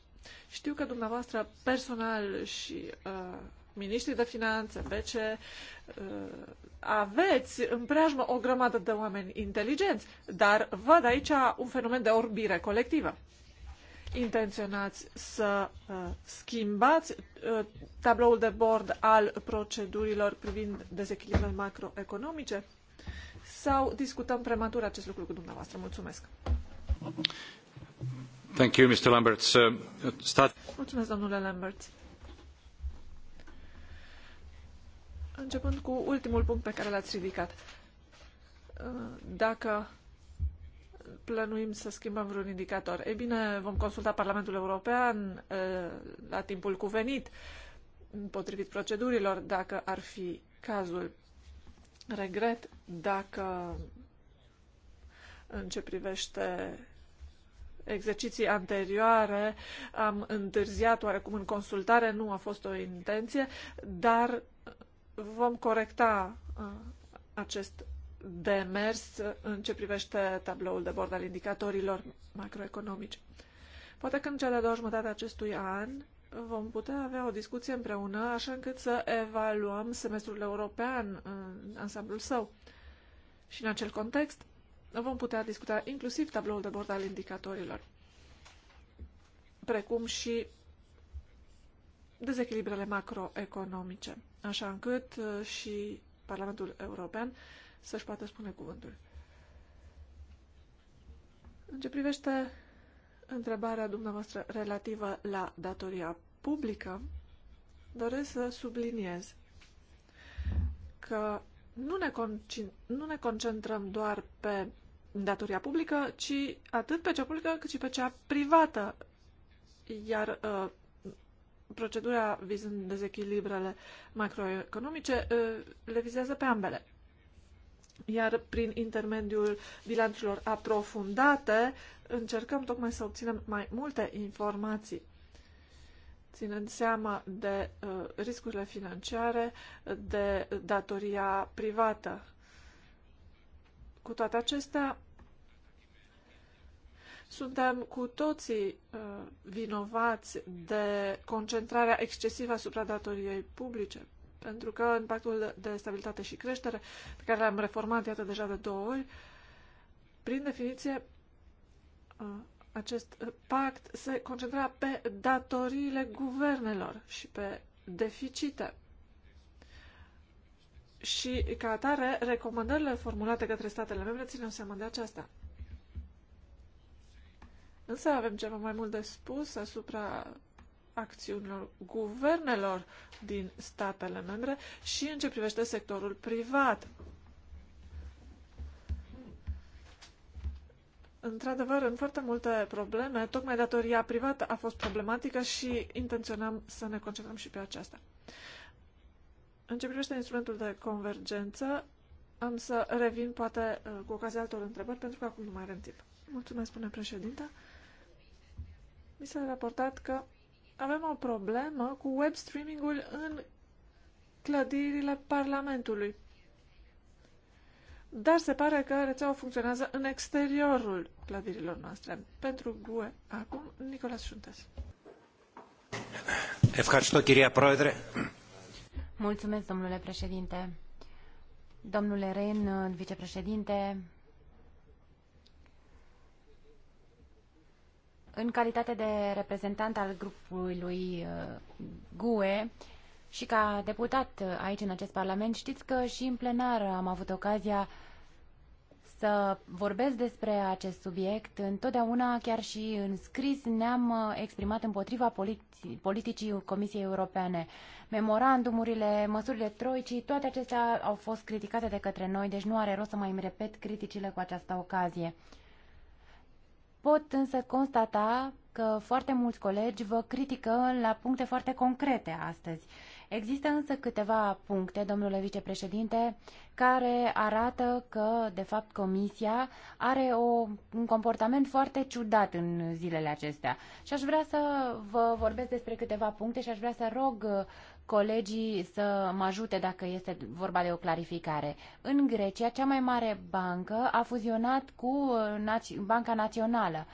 Știu că dumneavoastră, personal și uh, miniștri de finanțe, BCE, uh, aveți în preajmă o grămadă de oameni inteligenți, dar văd aici un fenomen de orbire colectivă. Intenționați să uh, schimbați uh, tabloul de bord al procedurilor privind dezechilibrele macroeconomice sau discutăm prematur acest lucru cu dumneavoastră? Mulțumesc! Thank you, Mr. Lambert. Uh, start... Mulțumesc, domnule Lambert. Începând cu ultimul punct pe care l-ați ridicat. Uh, dacă plănuim să schimbăm vreun indicator, e bine, vom consulta Parlamentul European uh, la timpul cuvenit, potrivit procedurilor, dacă ar fi cazul. Regret dacă în ce privește exerciții anterioare am întârziat oarecum în consultare, nu a fost o intenție, dar vom corecta uh, acest demers uh, în ce privește tabloul de bord al indicatorilor macroeconomici. Poate că în cea de-a doua jumătate a acestui an vom putea avea o discuție împreună, așa încât să evaluăm semestrul european în ansamblul său. Și în acel context vom putea discuta inclusiv tabloul de bord al indicatorilor, precum și dezechilibrele macroeconomice așa încât uh, și Parlamentul European să-și poată spune cuvântul. În ce privește întrebarea dumneavoastră relativă la datoria publică, doresc să subliniez că nu ne, nu ne concentrăm doar pe datoria publică, ci atât pe cea publică cât și pe cea privată. Iar uh, procedura vizând dezechilibrele macroeconomice le vizează pe ambele. Iar prin intermediul bilanțelor aprofundate încercăm tocmai să obținem mai multe informații ținând seama de riscurile financiare, de datoria privată. Cu toate acestea, suntem cu toții uh, vinovați de concentrarea excesivă asupra datoriei publice, pentru că în pactul de stabilitate și creștere, pe care l-am reformat, iată, deja de două ori, prin definiție, uh, acest pact se concentra pe datoriile guvernelor și pe deficite. Și, ca atare, recomandările formulate către statele membre țineau seama de aceasta. Însă avem ceva mai mult de spus asupra acțiunilor guvernelor din statele membre și în ce privește sectorul privat. Într-adevăr, în foarte multe probleme, tocmai datoria privată a fost problematică și intenționam să ne concentrăm și pe aceasta. În ce privește instrumentul de convergență, am să revin poate uh, cu ocazia altor întrebări, pentru că acum nu mai avem timp. Mulțumesc, spune președinte mi s-a raportat că avem o problemă cu web streamingul în clădirile Parlamentului. Dar se pare că rețeaua funcționează în exteriorul clădirilor noastre. Pentru GUE, acum, Nicolas Șuntes. Mulțumesc, domnule președinte. Domnule Ren, vicepreședinte, În calitate de reprezentant al grupului uh, GUE și ca deputat uh, aici în acest Parlament, știți că și în plenar am avut ocazia să vorbesc despre acest subiect. Întotdeauna, chiar și în scris, ne-am uh, exprimat împotriva politi- politicii Comisiei Europene. Memorandumurile, măsurile troicii, toate acestea au fost criticate de către noi, deci nu are rost să mai îmi repet criticile cu această ocazie. Pot însă constata că foarte mulți colegi vă critică la puncte foarte concrete astăzi Există însă câteva puncte, domnule vicepreședinte, care arată că, de fapt, Comisia are o, un comportament foarte ciudat în zilele acestea. Și aș vrea să vă vorbesc despre câteva puncte și aș vrea să rog colegii să mă ajute dacă este vorba de o clarificare. În Grecia, cea mai mare bancă a fuzionat cu Banca Națională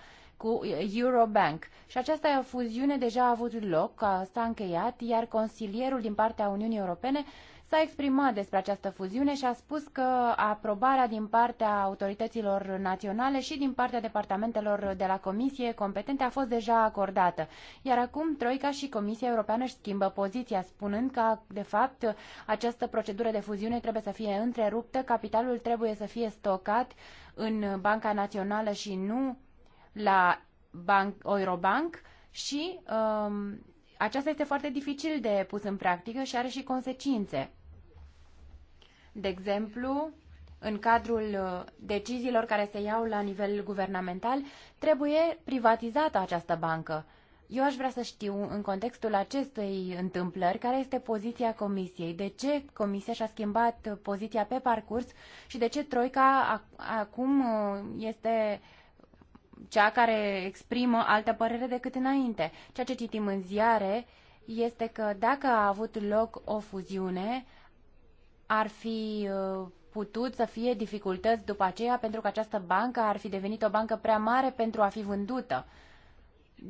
cu Eurobank. Și o fuziune deja a avut loc, s-a încheiat, iar consilierul din partea Uniunii Europene s-a exprimat despre această fuziune și a spus că aprobarea din partea autorităților naționale și din partea departamentelor de la Comisie competente a fost deja acordată. Iar acum Troica și Comisia Europeană își schimbă poziția, spunând că, de fapt, această procedură de fuziune trebuie să fie întreruptă, capitalul trebuie să fie stocat în Banca Națională și nu la Bank, Eurobank și um, aceasta este foarte dificil de pus în practică și are și consecințe. De exemplu, în cadrul uh, deciziilor care se iau la nivel guvernamental, trebuie privatizată această bancă. Eu aș vrea să știu, în contextul acestei întâmplări, care este poziția Comisiei. De ce Comisia și-a schimbat poziția pe parcurs și de ce Troica acum uh, este uh, cea care exprimă altă părere decât înainte. Ceea ce citim în ziare este că dacă a avut loc o fuziune, ar fi uh, putut să fie dificultăți după aceea pentru că această bancă ar fi devenit o bancă prea mare pentru a fi vândută.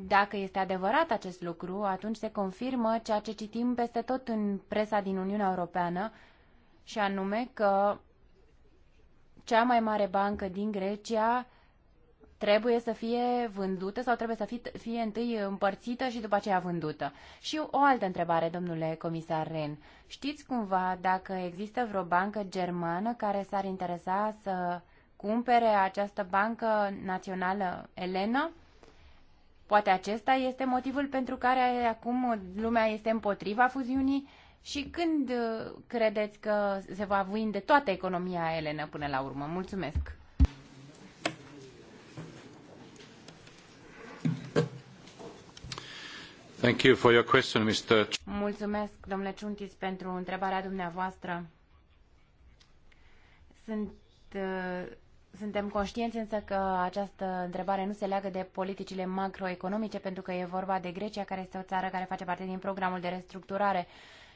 Dacă este adevărat acest lucru, atunci se confirmă ceea ce citim peste tot în presa din Uniunea Europeană, și anume că cea mai mare bancă din Grecia trebuie să fie vândută sau trebuie să fie, fie întâi împărțită și după aceea vândută? Și o altă întrebare, domnule comisar Ren. Știți cumva dacă există vreo bancă germană care s-ar interesa să cumpere această bancă națională Elena? Poate acesta este motivul pentru care acum lumea este împotriva fuziunii? Și când credeți că se va vinde toată economia Elena până la urmă? Mulțumesc! Mulțumesc, domnule pentru întrebarea Sunt, uh, suntem conștienți însă că această întrebare nu se leagă de politicile macroeconomice, pentru că e vorba de Grecia, care este o țară care face parte din programul de restructurare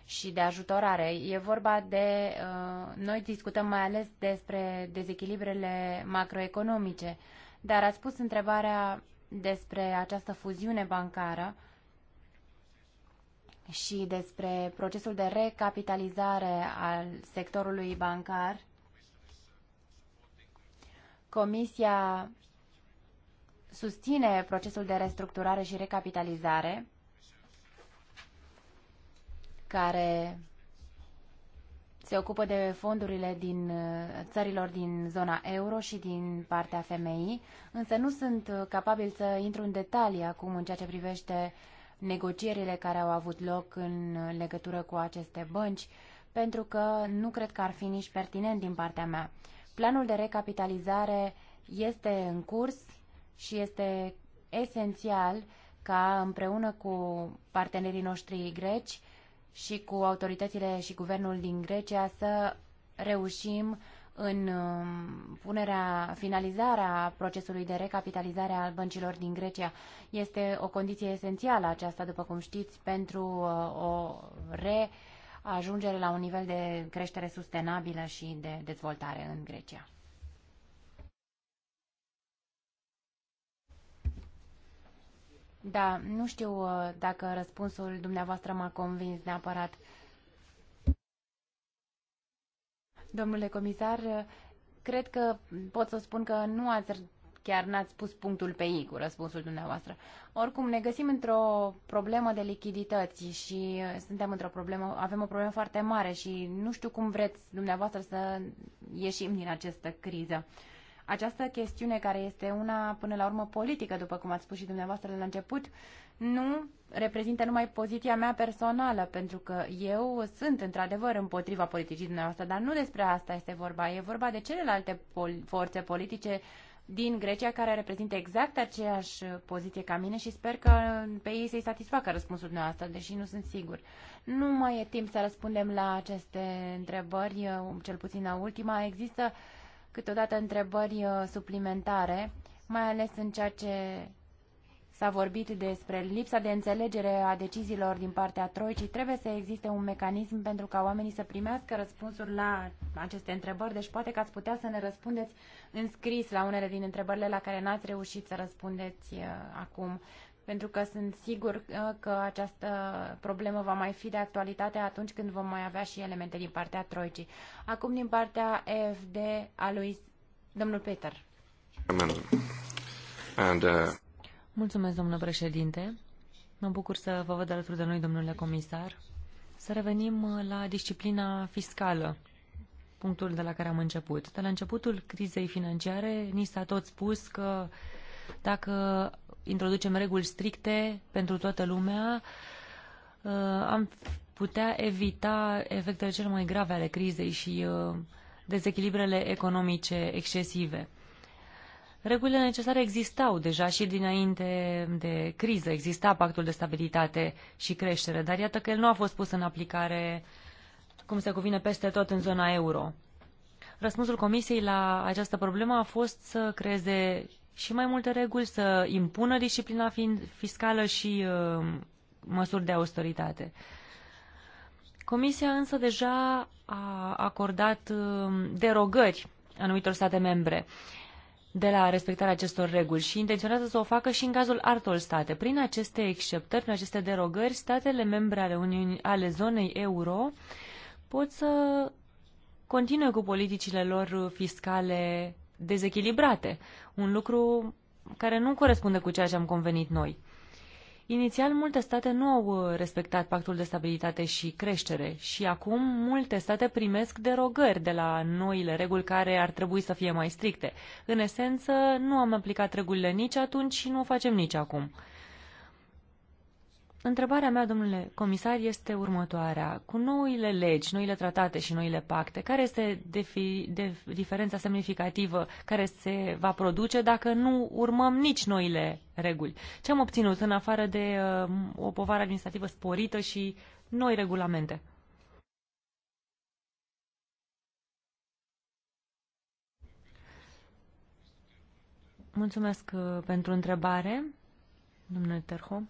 și de ajutorare. E vorba de. Uh, noi discutăm mai ales despre dezechilibrele macroeconomice, dar ai pus întrebarea despre această fuziune bancară și despre procesul de recapitalizare al sectorului bancar. Comisia susține procesul de restructurare și recapitalizare care se ocupă de fondurile din țărilor din zona euro și din partea femeii, însă nu sunt capabil să intru în detalii acum în ceea ce privește uh, negocierile care au avut loc în legătură cu aceste bănci, pentru că nu cred că ar fi nici pertinent din partea mea. Planul de recapitalizare este în curs și este esențial ca împreună cu partenerii noștri greci și cu autoritățile și guvernul din Grecia să reușim în um, punerea, finalizarea procesului de recapitalizare al băncilor din Grecia. Este o condiție esențială aceasta, după cum știți, pentru uh, o reajungere la un nivel de creștere sustenabilă și de dezvoltare în Grecia. Da, nu știu uh, dacă răspunsul dumneavoastră m-a convins neapărat. Domnule comisar, cred că pot să spun că nu ați chiar n-ați pus punctul pe I cu răspunsul dumneavoastră. Oricum, ne găsim într-o problemă de lichidități și uh, suntem într-o problemă, avem o problemă foarte mare și nu știu cum vreți dumneavoastră să ieșim din această criză. Această chestiune care este una până la urmă politică, după cum ați spus și dumneavoastră de la început, uh, nu reprezintă numai poziția mea personală, pentru că eu sunt într-adevăr împotriva politicii dumneavoastră, dar nu despre asta este vorba. E vorba de celelalte pol- forțe politice din Grecia care reprezintă exact aceeași poziție ca mine și sper că pe ei să-i satisfacă răspunsul dumneavoastră, deși nu sunt sigur. Nu mai e timp să răspundem la aceste întrebări, cel puțin la ultima. Există câteodată întrebări uh, suplimentare, mai ales în ceea ce S-a vorbit despre lipsa de înțelegere a deciziilor din partea Troicii. Trebuie să existe un mecanism pentru ca oamenii să primească răspunsuri la aceste întrebări. Deci poate că ați putea să ne răspundeți în scris la unele din întrebările la care n-ați reușit să răspundeți uh, acum. Pentru că sunt sigur uh, că această problemă va mai fi de actualitate atunci când vom mai avea și elemente din partea Troicii. Acum din partea EFD a lui domnul Peter. Amen. And, uh... Mulțumesc, domnule președinte. Mă bucur să vă văd alături de noi, domnule comisar. Să revenim la disciplina fiscală, punctul de la care am început. De la începutul crizei financiare, ni s-a tot spus că dacă introducem reguli stricte pentru toată lumea, uh, am putea evita efectele cele mai grave ale crizei și uh, dezechilibrele economice excesive. Regulile necesare existau deja și dinainte de criză. Exista pactul de stabilitate și creștere, dar iată că el nu a fost pus în aplicare cum se cuvine peste tot în zona euro. Răspunsul Comisiei la această problemă a fost să creeze și mai multe reguli, să impună disciplina fiscală și uh, măsuri de austeritate. Comisia însă deja a acordat uh, derogări anumitor state membre. Uh, de la respectarea acestor reguli și intenționează să o facă și în cazul altor state. Prin aceste exceptări, prin aceste derogări, statele membre ale, Uniunii, ale zonei euro pot să continue cu politicile lor fiscale dezechilibrate, un lucru care nu corespunde cu ceea ce am convenit noi. Inițial, multe state nu au uh, respectat pactul de stabilitate și creștere și acum multe state primesc derogări de la noile reguli care ar trebui să fie mai stricte. În esență, nu am aplicat regulile nici atunci și nu o facem nici acum. Întrebarea mea, domnule comisar, este următoarea. Cu noile legi, noile tratate și noile pacte, care este defi, de, diferența semnificativă care se va produce dacă nu urmăm nici noile reguli? Ce am obținut în afară de uh, o povară administrativă sporită și noi regulamente? Mulțumesc uh, pentru întrebare, domnule Terho.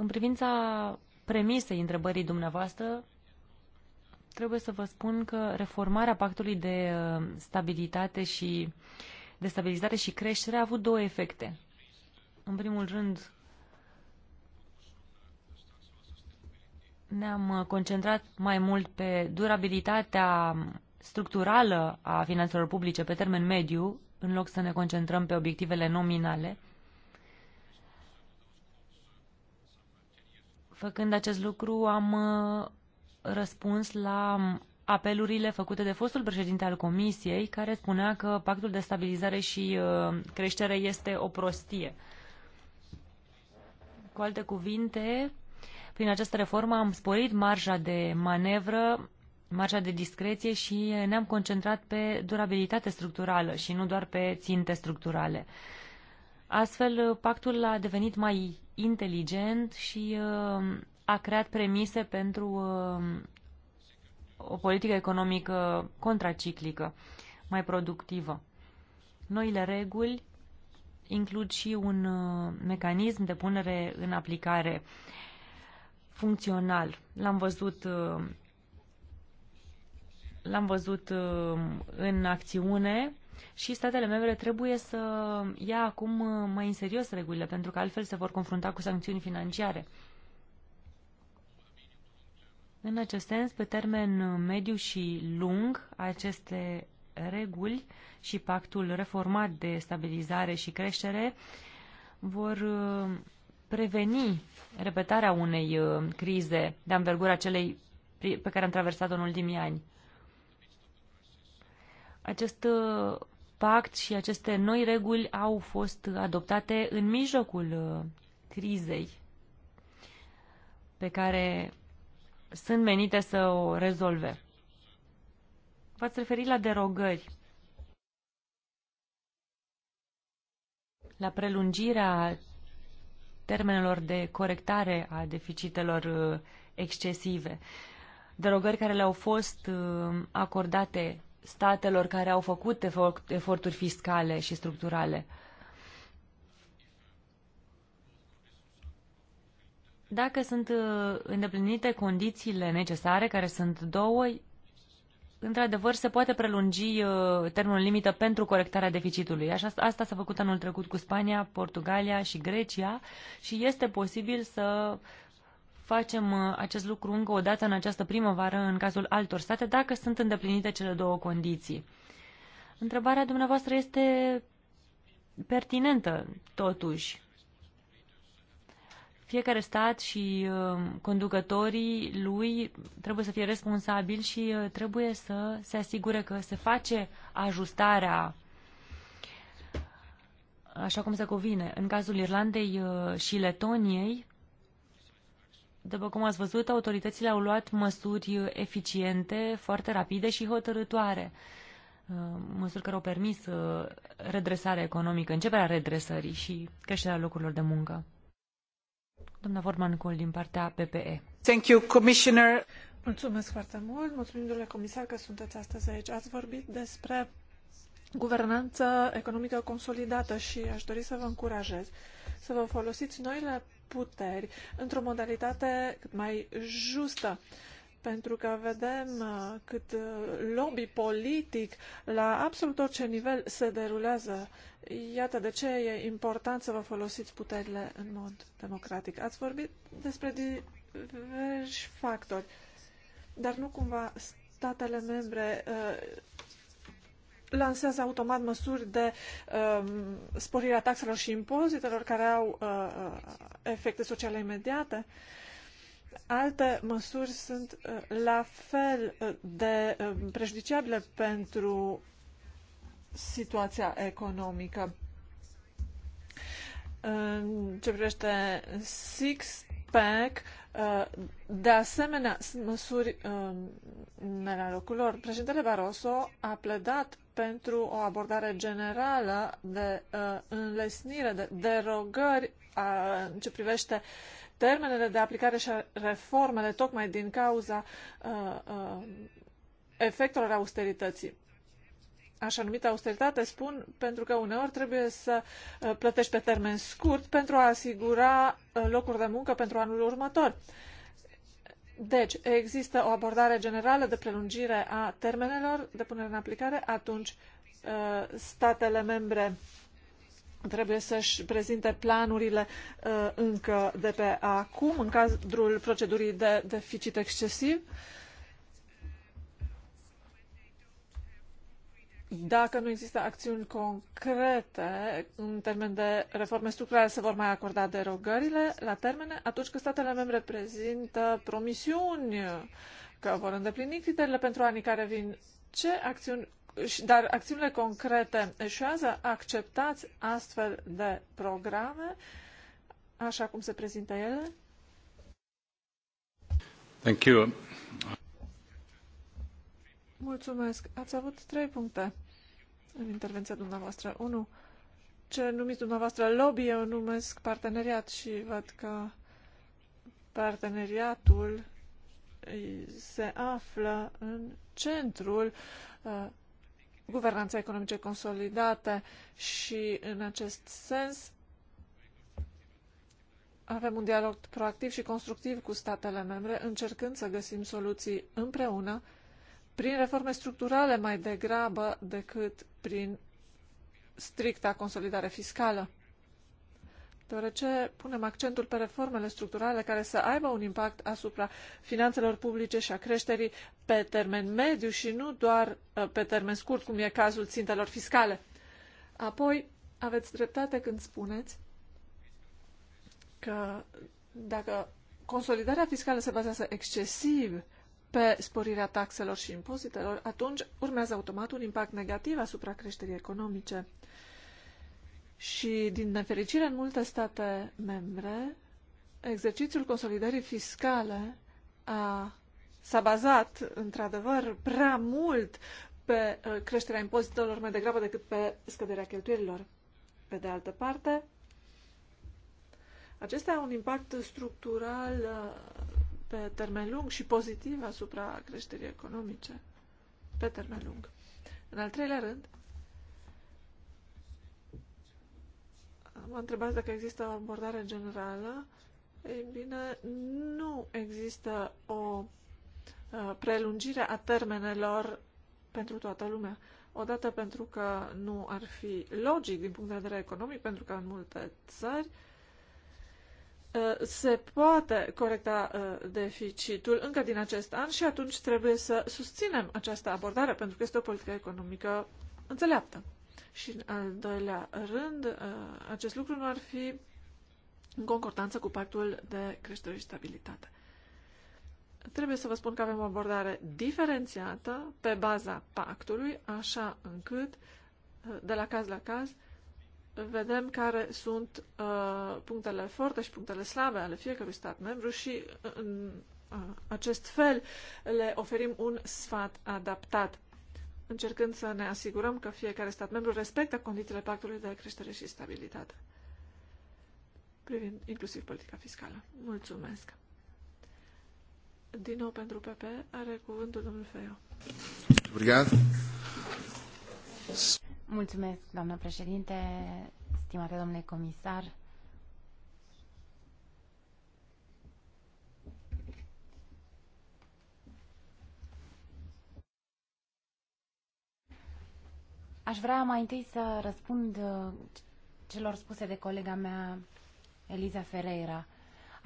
În privința premisei întrebării dumneavoastră, trebuie să vă spun că reformarea pactului de uh, stabilitate și de stabilizare și creștere a avut două efecte. În primul rând, ne-am uh, concentrat mai mult pe durabilitatea structurală a finanțelor publice pe termen mediu, în loc să ne concentrăm pe obiectivele nominale. Făcând acest lucru, am uh, răspuns la apelurile făcute de fostul președinte al Comisiei, care spunea că pactul de stabilizare și uh, creștere este o prostie. Cu alte cuvinte, prin această reformă am sporit marja de manevră, marja de discreție și ne-am concentrat pe durabilitate structurală și nu doar pe ținte structurale. Astfel, pactul a devenit mai inteligent și uh, a creat premise pentru uh, o politică economică contraciclică, mai productivă. Noile reguli includ și un uh, mecanism de punere în aplicare funcțional. L-am văzut l-am văzut în acțiune și statele membre trebuie să ia acum uh, mai în serios regulile, pentru că altfel se vor confrunta cu sancțiuni financiare. În acest sens, pe termen uh, mediu și lung, aceste reguli și pactul reformat de stabilizare și creștere vor uh, preveni repetarea unei crize de anvergura celei pe care am traversat-o în ultimii ani. Acest pact și aceste noi reguli au fost adoptate în mijlocul uh, crizei pe care sunt menite să o rezolve. V-ați referit la derogări, la prelungirea termenelor de corectare a deficitelor uh, excesive, derogări care le-au fost uh, acordate statelor care au făcut efort, eforturi fiscale și structurale. Dacă sunt uh, îndeplinite condițiile necesare, care sunt două, într-adevăr se poate prelungi uh, termenul limită pentru corectarea deficitului. Așa, asta s-a făcut anul trecut cu Spania, Portugalia și Grecia și este posibil să facem uh, acest lucru încă o dată în această primăvară în cazul altor state, dacă sunt îndeplinite cele două condiții. Întrebarea dumneavoastră este pertinentă, totuși. Fiecare stat și uh, conducătorii lui trebuie să fie responsabili și uh, trebuie să se asigure că se face ajustarea așa cum se cuvine. În cazul Irlandei și Letoniei, după cum ați văzut, autoritățile au luat măsuri eficiente, foarte rapide și hotărătoare, uh, măsuri care au permis uh, redresarea economică, începerea redresării și creșterea locurilor de muncă. Doamna Vorman Col din partea PPE. Thank you, Commissioner. Mulțumesc foarte mult. Mulțumim, domnule comisar, că sunteți astăzi aici. Ați vorbit despre guvernanță economică consolidată și aș dori să vă încurajez să vă folosiți noile puteri într-o modalitate cât mai justă. Pentru că vedem uh, cât uh, lobby politic la absolut orice nivel se derulează. Iată de ce e important să vă folosiți puterile în mod democratic. Ați vorbit despre diversi factori, dar nu cumva statele membre uh, lansează automat măsuri de um, sporire a taxelor și impozitelor care au uh, uh, efecte sociale imediate. Alte măsuri sunt uh, la fel uh, de uh, prejudiciabile pentru situația economică. În ce privește six-pack, uh, de asemenea, sunt măsuri um, la locul lor. Președintele Barroso a pledat pentru o abordare generală de uh, înlesnire, de derogări uh, în ce privește termenele de aplicare și reformele, tocmai din cauza uh, uh, efectelor austerității. Așa numită austeritate, spun, pentru că uneori trebuie să uh, plătești pe termen scurt pentru a asigura uh, locuri de muncă pentru anul următor. Uh, deci, există o abordare generală de prelungire a termenelor de punere în aplicare, atunci uh, statele membre trebuie să-și prezinte planurile uh, încă de pe acum, în cadrul procedurii de deficit excesiv. dacă nu există acțiuni concrete în termen de reforme structurale, se vor mai acorda derogările la termene, atunci când statele membre prezintă promisiuni că vor îndeplini criteriile pentru anii care vin, ce acțiuni, dar acțiunile concrete eșuează, acceptați astfel de programe, așa cum se prezintă ele? Thank you. Mulțumesc. Ați avut trei puncte în intervenția dumneavoastră. Unu, ce numiți dumneavoastră lobby, eu numesc parteneriat și văd că parteneriatul se află în centrul uh, guvernanței economice consolidate și în acest sens avem un dialog proactiv și constructiv cu statele membre, încercând să găsim soluții împreună uh, prin reforme structurale mai degrabă decât prin stricta consolidare fiscală. Deoarece punem accentul pe reformele structurale care să aibă un impact asupra finanțelor publice și a creșterii pe termen mediu și nu doar uh, pe termen scurt, cum e cazul țintelor fiscale. Apoi, aveți dreptate când spuneți că dacă consolidarea fiscală se bazează excesiv pe sporirea taxelor și impozitelor, atunci urmează automat un impact negativ asupra creșterii economice. Și, din nefericire, în multe state membre, exercițiul consolidării fiscale a, s-a bazat, într-adevăr, prea mult pe uh, creșterea impozitelor mai degrabă decât pe scăderea cheltuielilor. Pe de altă parte, acestea au un impact structural uh, pe termen lung și pozitiv asupra creșterii economice pe termen lung. În al treilea rând, mă întrebați dacă există o abordare generală. Ei bine, nu există o uh, prelungire a termenelor pentru toată lumea. Odată pentru că nu ar fi logic din punct de vedere economic, pentru că în multe țări uh, Uh, se poate corecta uh, deficitul încă din acest an și atunci trebuie să susținem această abordare pentru că este o politică economică înțeleaptă. Și în al doilea rând, uh, acest lucru nu ar fi în concordanță cu pactul de creștere și stabilitate. Trebuie să vă spun că avem o abordare diferențiată pe baza pactului, așa încât, de la caz la caz, vedem care sunt uh, punctele forte și punctele slabe ale fiecărui stat membru și uh, în uh, acest fel le oferim un sfat adaptat, încercând să ne asigurăm că fiecare stat membru respectă condițiile pactului de creștere și stabilitate, privind inclusiv politica fiscală. Mulțumesc! Din nou pentru PP are cuvântul domnul Feio. Obrigado. Mulțumesc, doamnă președinte, stimate domnule comisar. Aș vrea mai întâi să răspund uh, celor spuse de colega mea, Eliza Ferreira.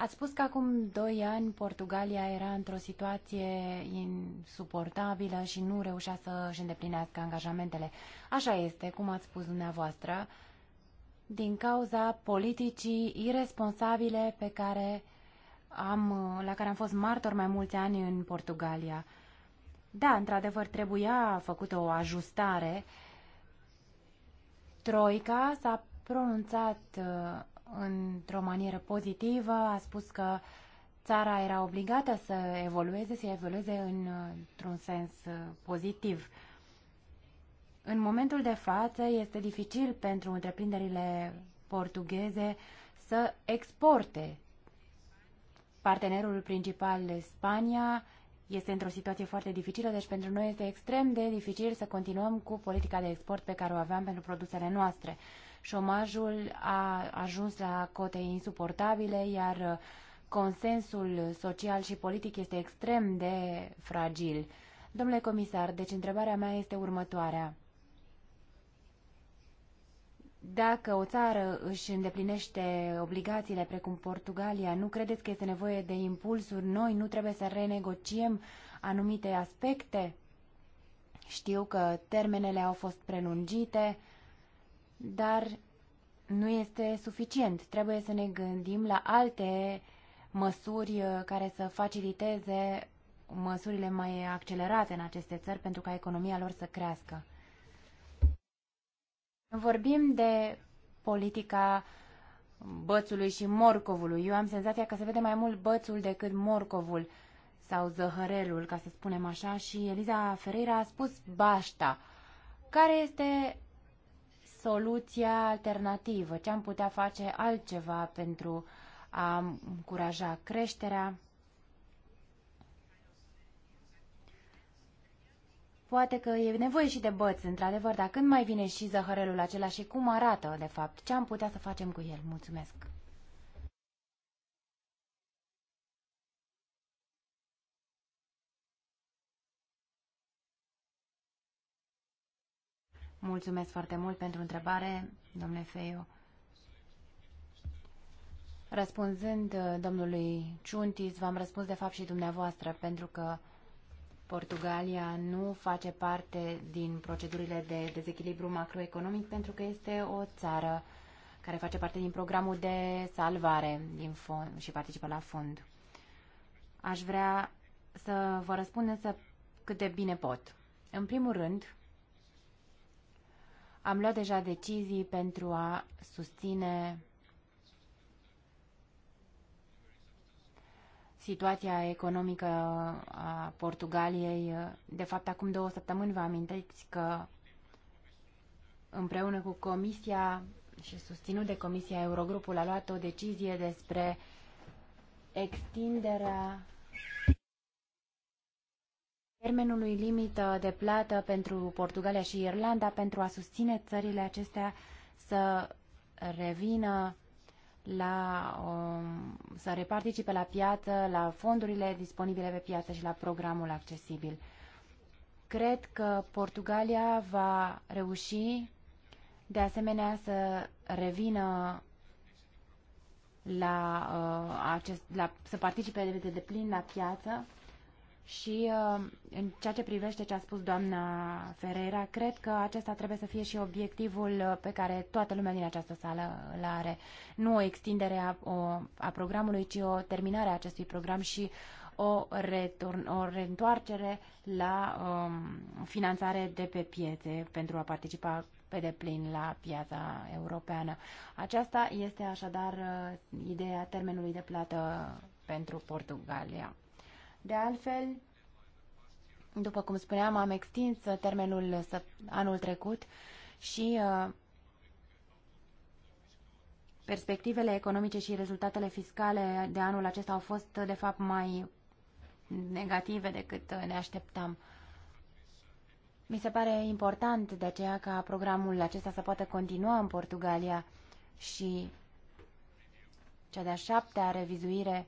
Ați spus că acum doi ani Portugalia era într-o situație insuportabilă și nu reușea să își îndeplinească angajamentele. Așa este, cum ați spus dumneavoastră, din cauza politicii irresponsabile pe care am, la care am fost martor mai mulți ani în Portugalia. Da, într-adevăr, trebuia făcută o ajustare. Troica s-a pronunțat uh, într-o manieră pozitivă, a spus că țara era obligată să evolueze, să evolueze în, într-un sens uh, pozitiv. În momentul de față este dificil pentru întreprinderile portugheze să exporte. Partenerul principal, Spania, este într-o situație foarte dificilă, deci pentru noi este extrem de dificil să continuăm cu politica de export pe care o aveam pentru produsele noastre. Șomajul a ajuns la cote insuportabile, iar uh, consensul social și politic este extrem de fragil. Domnule comisar, deci întrebarea mea este următoarea. Dacă o țară își îndeplinește obligațiile precum Portugalia, nu credeți că este nevoie de impulsuri noi? Nu trebuie să renegociem anumite aspecte? Știu că termenele au fost prelungite, dar nu este suficient. Trebuie să ne gândim la alte măsuri uh, care să faciliteze măsurile mai accelerate în aceste țări pentru ca economia lor să crească. Vorbim de politica bățului și morcovului. Eu am senzația că se vede mai mult bățul decât morcovul sau zăhărelul, ca să spunem așa, și Eliza Ferreira a spus bașta. Care este soluția alternativă, ce am putea face altceva pentru a încuraja creșterea. Poate că e nevoie și de băți, într-adevăr, dar când mai vine și zăhărelul acela și cum arată, de fapt, ce am putea să facem cu el? Mulțumesc! Mulțumesc foarte mult pentru întrebare, domnule Feio. Răspunzând uh, domnului Ciuntis, v-am răspuns de fapt și dumneavoastră, pentru că Portugalia nu face parte din procedurile de dezechilibru macroeconomic, pentru că este o țară care face parte din programul de salvare din fond și participă la fond. Aș vrea să vă răspund însă cât de bine pot. În primul rând, am luat deja decizii pentru a susține situația economică a Portugaliei. De fapt, acum două săptămâni vă amintiți că împreună cu Comisia și susținut de Comisia Eurogrupul a luat o decizie despre extinderea termenului limită de plată pentru Portugalia și Irlanda pentru a susține țările acestea să revină la, um, să reparticipe la piață, la fondurile disponibile pe piață și la programul accesibil. Cred că Portugalia va reuși de asemenea să revină la, uh, acest, la, să participe de, de plin la piață și uh, în ceea ce privește ce a spus doamna Ferreira, cred că acesta trebuie să fie și obiectivul uh, pe care toată lumea din această sală îl are. Nu o extindere a, o, a programului, ci o terminare a acestui program și o, return, o reîntoarcere la um, finanțare de pe piețe pentru a participa pe deplin la piața europeană. Aceasta este așadar uh, ideea termenului de plată pentru Portugalia. De altfel, după cum spuneam, am extins termenul anul trecut și uh, perspectivele economice și rezultatele fiscale de anul acesta au fost, de fapt, mai negative decât ne așteptam. Mi se pare important de aceea ca programul acesta să poată continua în Portugalia și cea de-a șaptea revizuire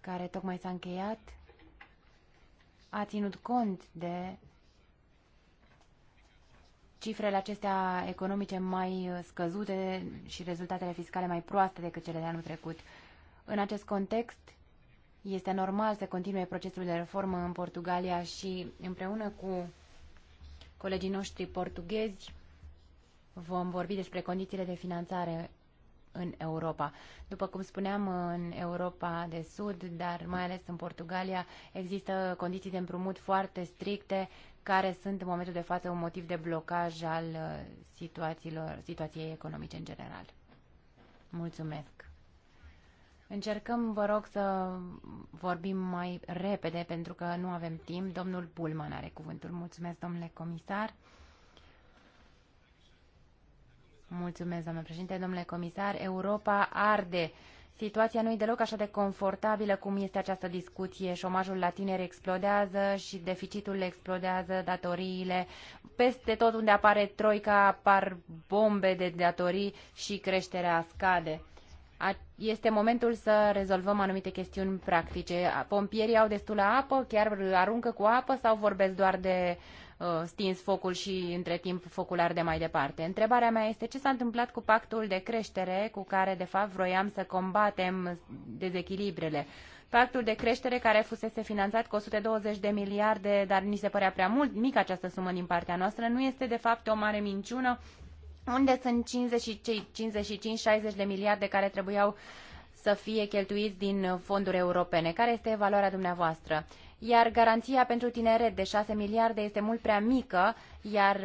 care tocmai s-a încheiat a ținut cont de cifrele acestea economice mai uh, scăzute și rezultatele fiscale mai proaste decât cele de anul trecut. În acest context, este normal să continue procesul de reformă în Portugalia și împreună cu colegii noștri portughezi vom vorbi despre condițiile de finanțare în Europa. După cum spuneam, în Europa de Sud, dar mai ales în Portugalia, există condiții de împrumut foarte stricte care sunt în momentul de față un motiv de blocaj al uh, situațiilor, situației economice în general. Mulțumesc! Încercăm, vă rog, să vorbim mai repede, pentru că nu avem timp. Domnul Pulman are cuvântul. Mulțumesc, domnule comisar. Mulțumesc, doamnă președinte, domnule comisar. Europa arde. Situația nu e deloc așa de confortabilă cum este această discuție. Șomajul la tineri explodează și deficitul explodează, datoriile. Peste tot unde apare troica apar bombe de datorii și creșterea scade. Este momentul să rezolvăm anumite chestiuni practice. Pompierii au destulă apă, chiar aruncă cu apă sau vorbesc doar de uh, Uh, stins focul și între timp focul arde mai departe. Întrebarea mea este ce s-a întâmplat cu pactul de creștere cu care de fapt vroiam să combatem dezechilibrele. Pactul de creștere care fusese finanțat cu 120 de miliarde, dar ni se părea prea mult, mică această sumă din partea noastră, nu este de fapt o mare minciună unde sunt 55-60 de miliarde care trebuiau să fie cheltuiți din fonduri europene. Care este valoarea dumneavoastră? Iar garanția pentru tineret de 6 miliarde este mult prea mică, iar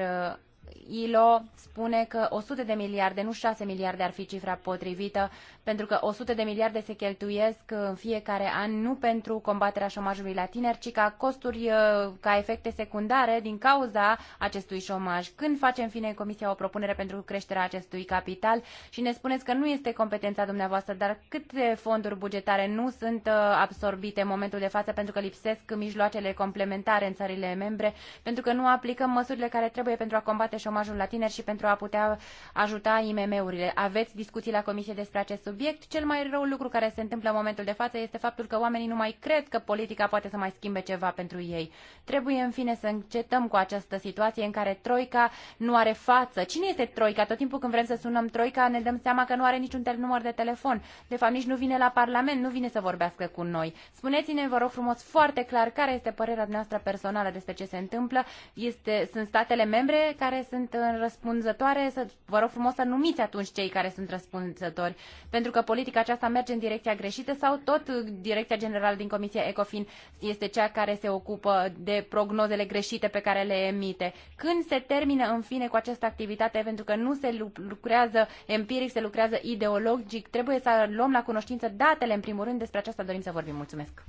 ILO spune că 100 de miliarde, nu 6 miliarde ar fi cifra potrivită, pentru că 100 de miliarde se cheltuiesc uh, în fiecare an nu pentru combaterea șomajului la tineri, ci ca costuri, uh, ca efecte secundare din cauza acestui șomaj. Când face în fine Comisia o propunere pentru creșterea acestui capital și ne spuneți că nu este competența dumneavoastră, dar câte fonduri bugetare nu sunt uh, absorbite în momentul de față pentru că lipsesc mijloacele complementare în țările membre, pentru că nu aplicăm măsurile care trebuie pentru a combate combate șomajul la tineri și pentru a putea ajuta IMM-urile. Aveți discuții la comisie despre acest subiect? Cel mai rău lucru care se întâmplă în momentul de față este faptul că oamenii nu mai cred că politica poate să mai schimbe ceva pentru ei. Trebuie, în fine, să încetăm cu această situație în care Troica nu are față. Cine este Troica? Tot timpul când vrem să sunăm Troica, ne dăm seama că nu are niciun număr de telefon. De fapt, nici nu vine la Parlament, nu vine să vorbească cu noi. Spuneți-ne, vă rog frumos, foarte clar care este părerea noastră personală despre ce se întâmplă. Este, sunt statele membre care sunt răspunzătoare, să vă rog frumos să numiți atunci cei care sunt răspunzători, pentru că politica aceasta merge în direcția greșită sau tot direcția generală din Comisia Ecofin este cea care se ocupă de prognozele greșite pe care le emite. Când se termină în fine cu această activitate, pentru că nu se lucrează empiric, se lucrează ideologic, trebuie să luăm la cunoștință datele în primul rând, despre aceasta dorim să vorbim. Mulțumesc!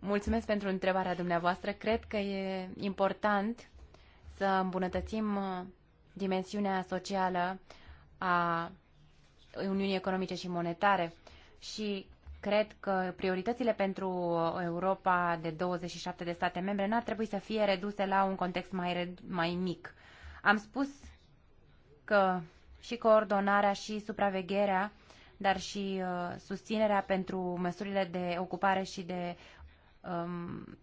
Mulțumesc pentru întrebarea dumneavoastră. Cred că e important să îmbunătățim uh, dimensiunea socială a Uniunii Economice și Monetare și cred că prioritățile pentru Europa de 27 de state membre n-ar trebui să fie reduse la un context mai, mai mic. Am spus că și coordonarea și supravegherea, dar și uh, susținerea pentru măsurile de ocupare și de um,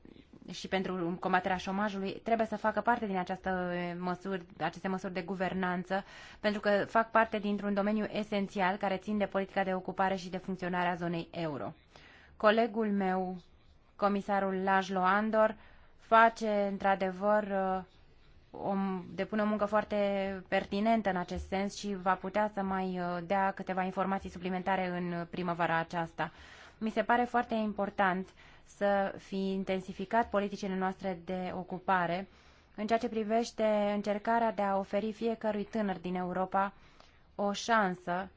și pentru combaterea șomajului trebuie să facă parte din această uh, măsuri, aceste măsuri de guvernanță, pentru că fac parte dintr-un domeniu esențial care țin de politica de ocupare și de funcționarea zonei euro. Colegul meu, comisarul Lajlo Andor, face într-adevăr uh, o, depune o muncă foarte pertinentă în acest sens și va putea să mai uh, dea câteva informații suplimentare în primăvara aceasta. Mi se pare foarte important să fi intensificat politicile noastre de ocupare în ceea ce privește încercarea de a oferi fiecărui tânăr din Europa o șansă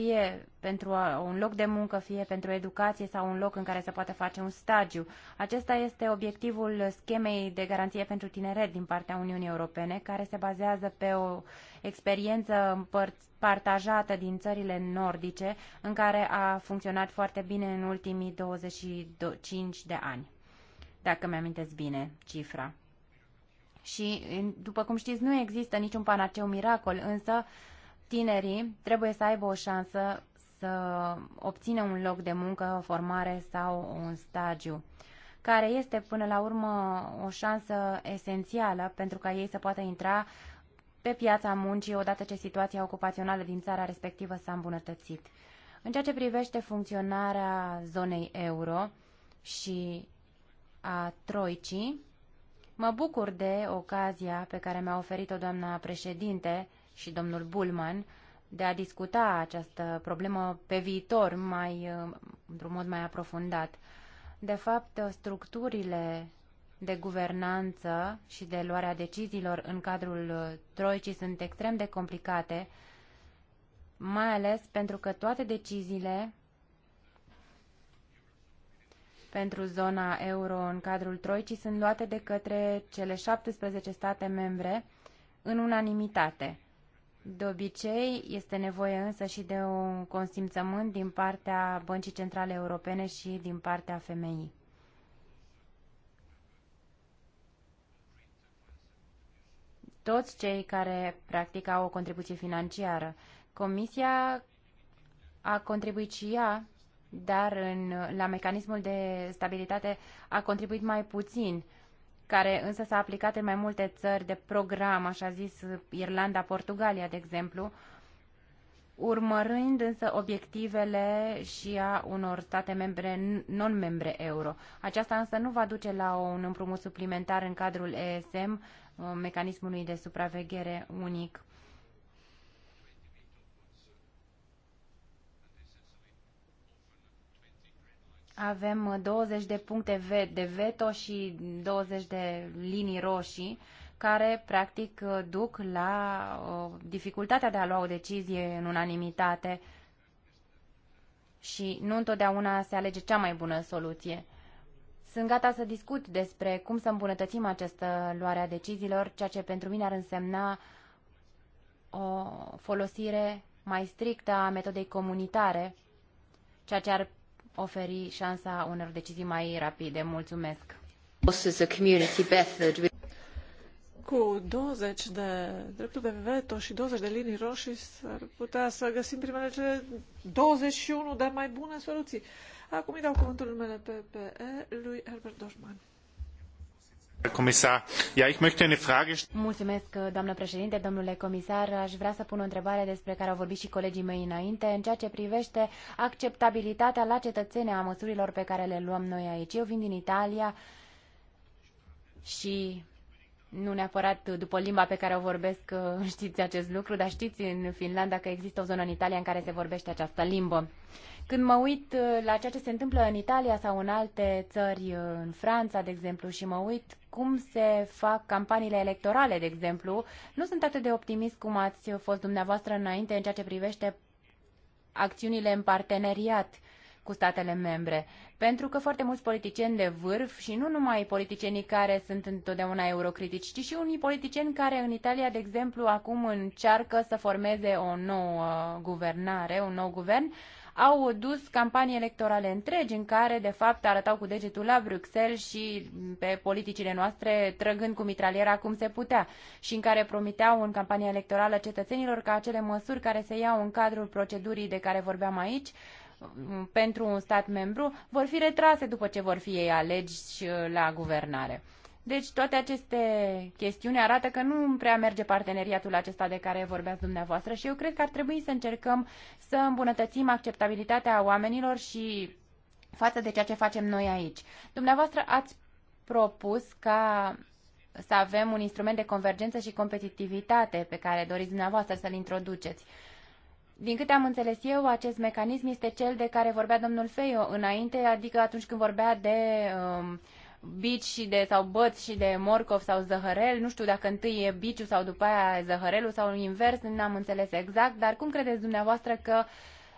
fie pentru un loc de muncă, fie pentru educație sau un loc în care să poată face un stagiu. Acesta este obiectivul schemei de garanție pentru tineret din partea Uniunii Europene, care se bazează pe o experiență partajată din țările nordice, în care a funcționat foarte bine în ultimii 25 de ani, dacă mi-amintesc bine cifra. Și, după cum știți, nu există niciun panaceu miracol, însă tinerii trebuie să aibă o șansă să obțină un loc de muncă, o formare sau un stagiu, care este până la urmă o șansă esențială pentru ca ei să poată intra pe piața muncii odată ce situația ocupațională din țara respectivă s-a îmbunătățit. În ceea ce privește funcționarea zonei euro și a troicii, mă bucur de ocazia pe care mi-a oferit-o doamna președinte și domnul Bulman de a discuta această problemă pe viitor mai, uh, într-un mod mai aprofundat. De fapt, structurile de guvernanță și de luarea deciziilor în cadrul uh, Troicii sunt extrem de complicate, mai ales pentru că toate deciziile pentru zona euro în cadrul Troicii sunt luate de către cele 17 state membre în unanimitate. De obicei, este nevoie însă și de un consimțământ din partea Băncii Centrale Europene și din partea FMI. Toți cei care practic au o contribuție financiară. Comisia a contribuit și ea, dar în, la mecanismul de stabilitate a contribuit mai puțin care însă s-a aplicat în mai multe țări de program, așa zis Irlanda, Portugalia, de exemplu, urmărând însă obiectivele și a unor state membre non-membre euro. Aceasta însă nu va duce la un împrumut suplimentar în cadrul ESM, uh, mecanismului de supraveghere unic avem 20 uh, de puncte de veto și 20 de linii roșii care practic uh, duc la uh, dificultatea de a lua o decizie în unanimitate și nu întotdeauna se alege cea mai bună soluție. Sunt gata să discut despre cum să îmbunătățim această luare a deciziilor, ceea ce pentru mine ar însemna o folosire mai strictă a metodei comunitare, ceea ce ar oferi șansa unor decizii mai rapide. Mulțumesc! Cu 20 de drepturi de veto și 20 de linii roșii s-ar putea să găsim primele cele 21 de mai bune soluții. Acum îi dau cuvântul numele PPE lui Herbert Doșman. Comisar, ja, ich möchte eine Frage... Mulțumesc, doamnă președinte, domnule comisar. Aș vrea să pun o întrebare despre care au vorbit și colegii mei înainte, în ceea ce privește acceptabilitatea la cetățene a măsurilor pe care le luăm noi aici. Eu vin din Italia și nu neapărat după limba pe care o vorbesc uh, știți acest lucru, dar știți în Finlanda că există o zonă în Italia în care se vorbește această limbă. Când mă uit uh, la ceea ce se întâmplă în Italia sau în alte țări, uh, în Franța, de exemplu, și mă uit cum se fac campaniile electorale, de exemplu, nu sunt atât de optimist cum ați fost dumneavoastră înainte în ceea ce privește acțiunile în parteneriat cu statele membre. Pentru că foarte mulți politicieni de vârf și nu numai politicienii care sunt întotdeauna eurocritici, ci și unii politicieni care în Italia, de exemplu, acum încearcă să formeze o nouă guvernare, un nou guvern, au dus campanii electorale întregi în care, de fapt, arătau cu degetul la Bruxelles și pe politicile noastre, trăgând cu mitraliera cum se putea, și în care promiteau în campania electorală cetățenilor că acele măsuri care se iau în cadrul procedurii de care vorbeam aici pentru un stat membru vor fi retrase după ce vor fi ei alegi uh, la guvernare. Deci toate aceste chestiuni arată că nu prea merge parteneriatul acesta de care vorbeați dumneavoastră și eu cred că ar trebui să încercăm să îmbunătățim acceptabilitatea oamenilor și față de ceea ce facem noi aici. Dumneavoastră ați propus ca să avem un instrument de convergență și competitivitate pe care doriți dumneavoastră să-l introduceți. Uh, din câte am înțeles eu, acest mecanism este cel de care vorbea domnul Feio înainte, adică atunci când vorbea de um, bici și de, sau băți și de morcov sau zăhărel, nu știu dacă întâi e biciu sau după aia zăhărelul sau invers, nu am înțeles exact, dar cum credeți dumneavoastră că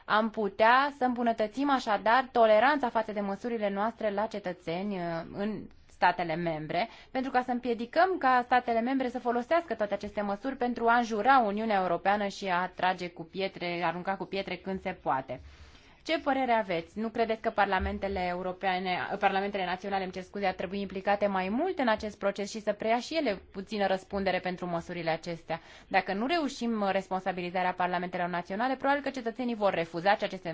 am putea să îmbunătățim așadar toleranța față de măsurile noastre la cetățeni uh, în statele membre, pentru ca să împiedicăm ca statele membre să folosească toate aceste măsuri pentru a înjura Uniunea Europeană și a trage cu pietre, arunca cu pietre când se poate. Ce părere aveți? Nu credeți că parlamentele europene, parlamentele naționale, îmi cer scuze, ar trebui implicate mai mult în acest proces și să preia și ele puțină răspundere pentru măsurile acestea? Dacă nu reușim responsabilizarea parlamentelor naționale, probabil că cetățenii vor refuza ceea ce, se,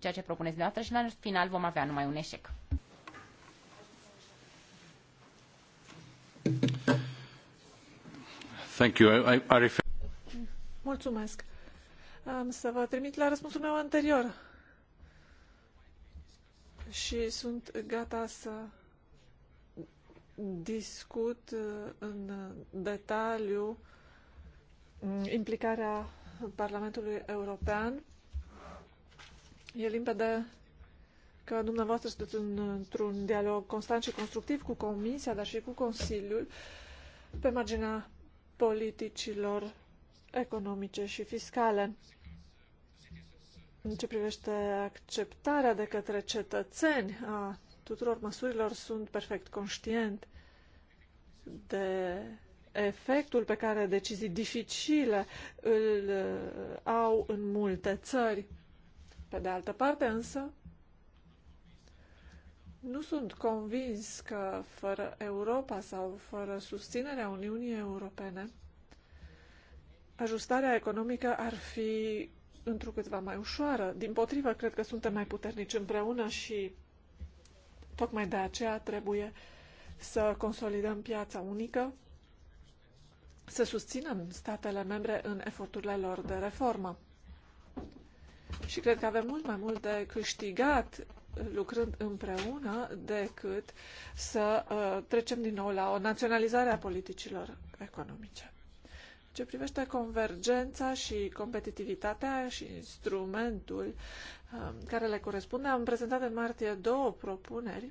ceea ce propuneți dumneavoastră și la final vom avea numai un eșec. Mulțumesc. Am să vă trimit la răspunsul meu anterior. Și sunt gata să discut uh, în detaliu mm, implicarea Parlamentului European. E limpede că dumneavoastră sunteți într-un dialog constant și constructiv cu Comisia, dar și cu Consiliul, pe marginea politicilor economice și fiscale. În ce privește acceptarea de către cetățeni a tuturor măsurilor, sunt perfect conștient de efectul pe care decizii dificile îl au în multe țări. Pe de altă parte, însă, nu sunt convins că fără Europa sau fără susținerea Uniunii Europene, ajustarea economică ar fi într-una câtva mai ușoară. Din potrivă, cred că suntem mai puternici împreună și tocmai de aceea trebuie să consolidăm piața unică, să susținem statele membre în eforturile lor de reformă. Și cred că avem mult mai mult de câștigat lucrând împreună decât să uh, trecem din nou la o naționalizare a politicilor economice. Ce privește convergența și competitivitatea și instrumentul um, care le corespunde, am prezentat în martie două propuneri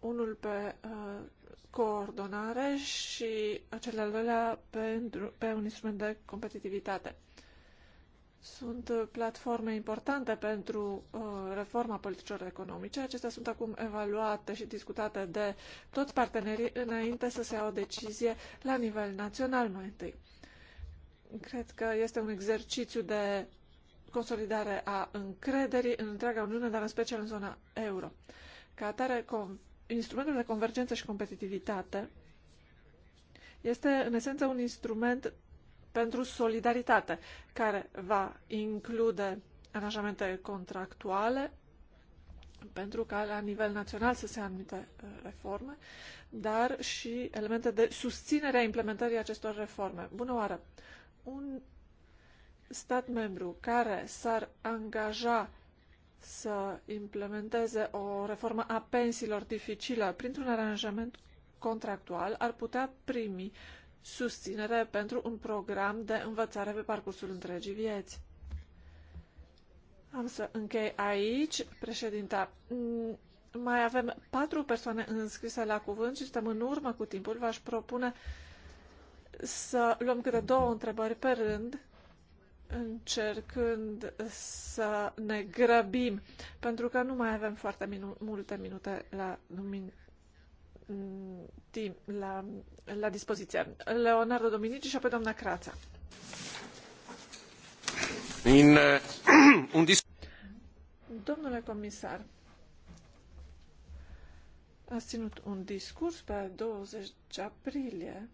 unul pe uh, coordonare și cel al doilea pentru, pe un instrument de competitivitate sunt uh, platforme importante pentru uh, reforma politicilor economice. Acestea sunt acum evaluate și discutate de toți partenerii înainte să se ia o decizie la nivel național mai întâi. Cred că este un exercițiu de consolidare a încrederii în întreaga Uniune, dar în special în zona euro. Ca atare, instrumentul de convergență și competitivitate este în esență un instrument pentru solidaritate, care va include aranjamente contractuale pentru ca la nivel național să se anumite uh, reforme, dar și elemente de susținere a implementării acestor reforme. Bună oară! Un stat membru care s-ar angaja să implementeze o reformă a pensiilor dificilă printr-un aranjament contractual ar putea primi susținere pentru un program de învățare pe parcursul întregii vieți. Am să închei aici, președinta. Mm, mai avem patru persoane înscrise la cuvânt și suntem în urmă cu timpul. V-aș propune să luăm câte două întrebări pe rând, încercând să ne grăbim, pentru că nu mai avem foarte minu- multe minute la, timp la, la dispoziție. Leonardo Dominici și apoi doamna Crața. In, uh, un dis- Domnule comisar, a ținut un discurs pe 20 aprilie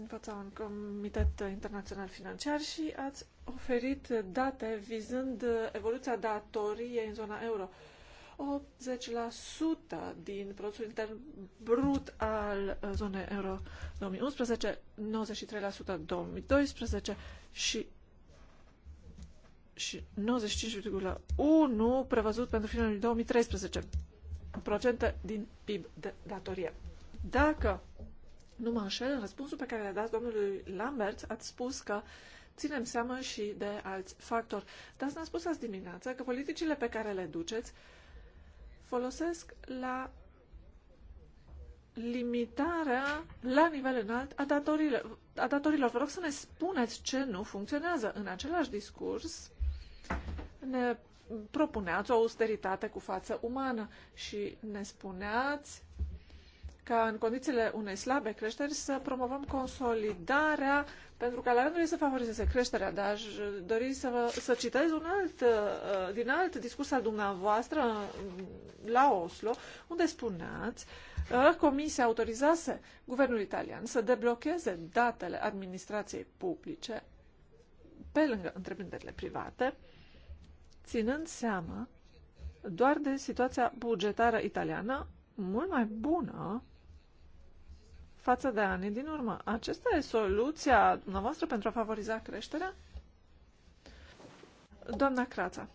în fața unui comitet internațional financiar și ați oferit date vizând evoluția datoriei în zona euro. Uh, 80% din produsul intern brut al uh, zonei euro 2011, 93% 2012 și și 95,1 prevăzut pentru finalul 2013 procente din PIB de datorie. Dacă nu mă înșel, în răspunsul pe care l-a dat domnului Lambert, ați spus că ținem seama și de alți factori. Dar ați spus azi dimineață că politicile pe care le duceți folosesc la limitarea la nivel înalt a, datorilor. a datorilor. Vă rog să ne spuneți ce nu funcționează. În același discurs ne propuneați o austeritate cu față umană și ne spuneați ca în condițiile unei slabe creșteri să promovăm consolidarea, pentru ca la rândul ei să favorizeze creșterea. Dar aș dori să, vă, să citez un alt, uh, din alt discurs al dumneavoastră uh, la Oslo, unde spuneați uh, Comisia autorizase guvernul italian să deblocheze datele administrației publice pe lângă întreprinderile private, ținând seama doar de situația bugetară italiană, mult mai bună față de anii din urmă. Acesta e soluția dumneavoastră pentru a favoriza creșterea? Doamna Crața.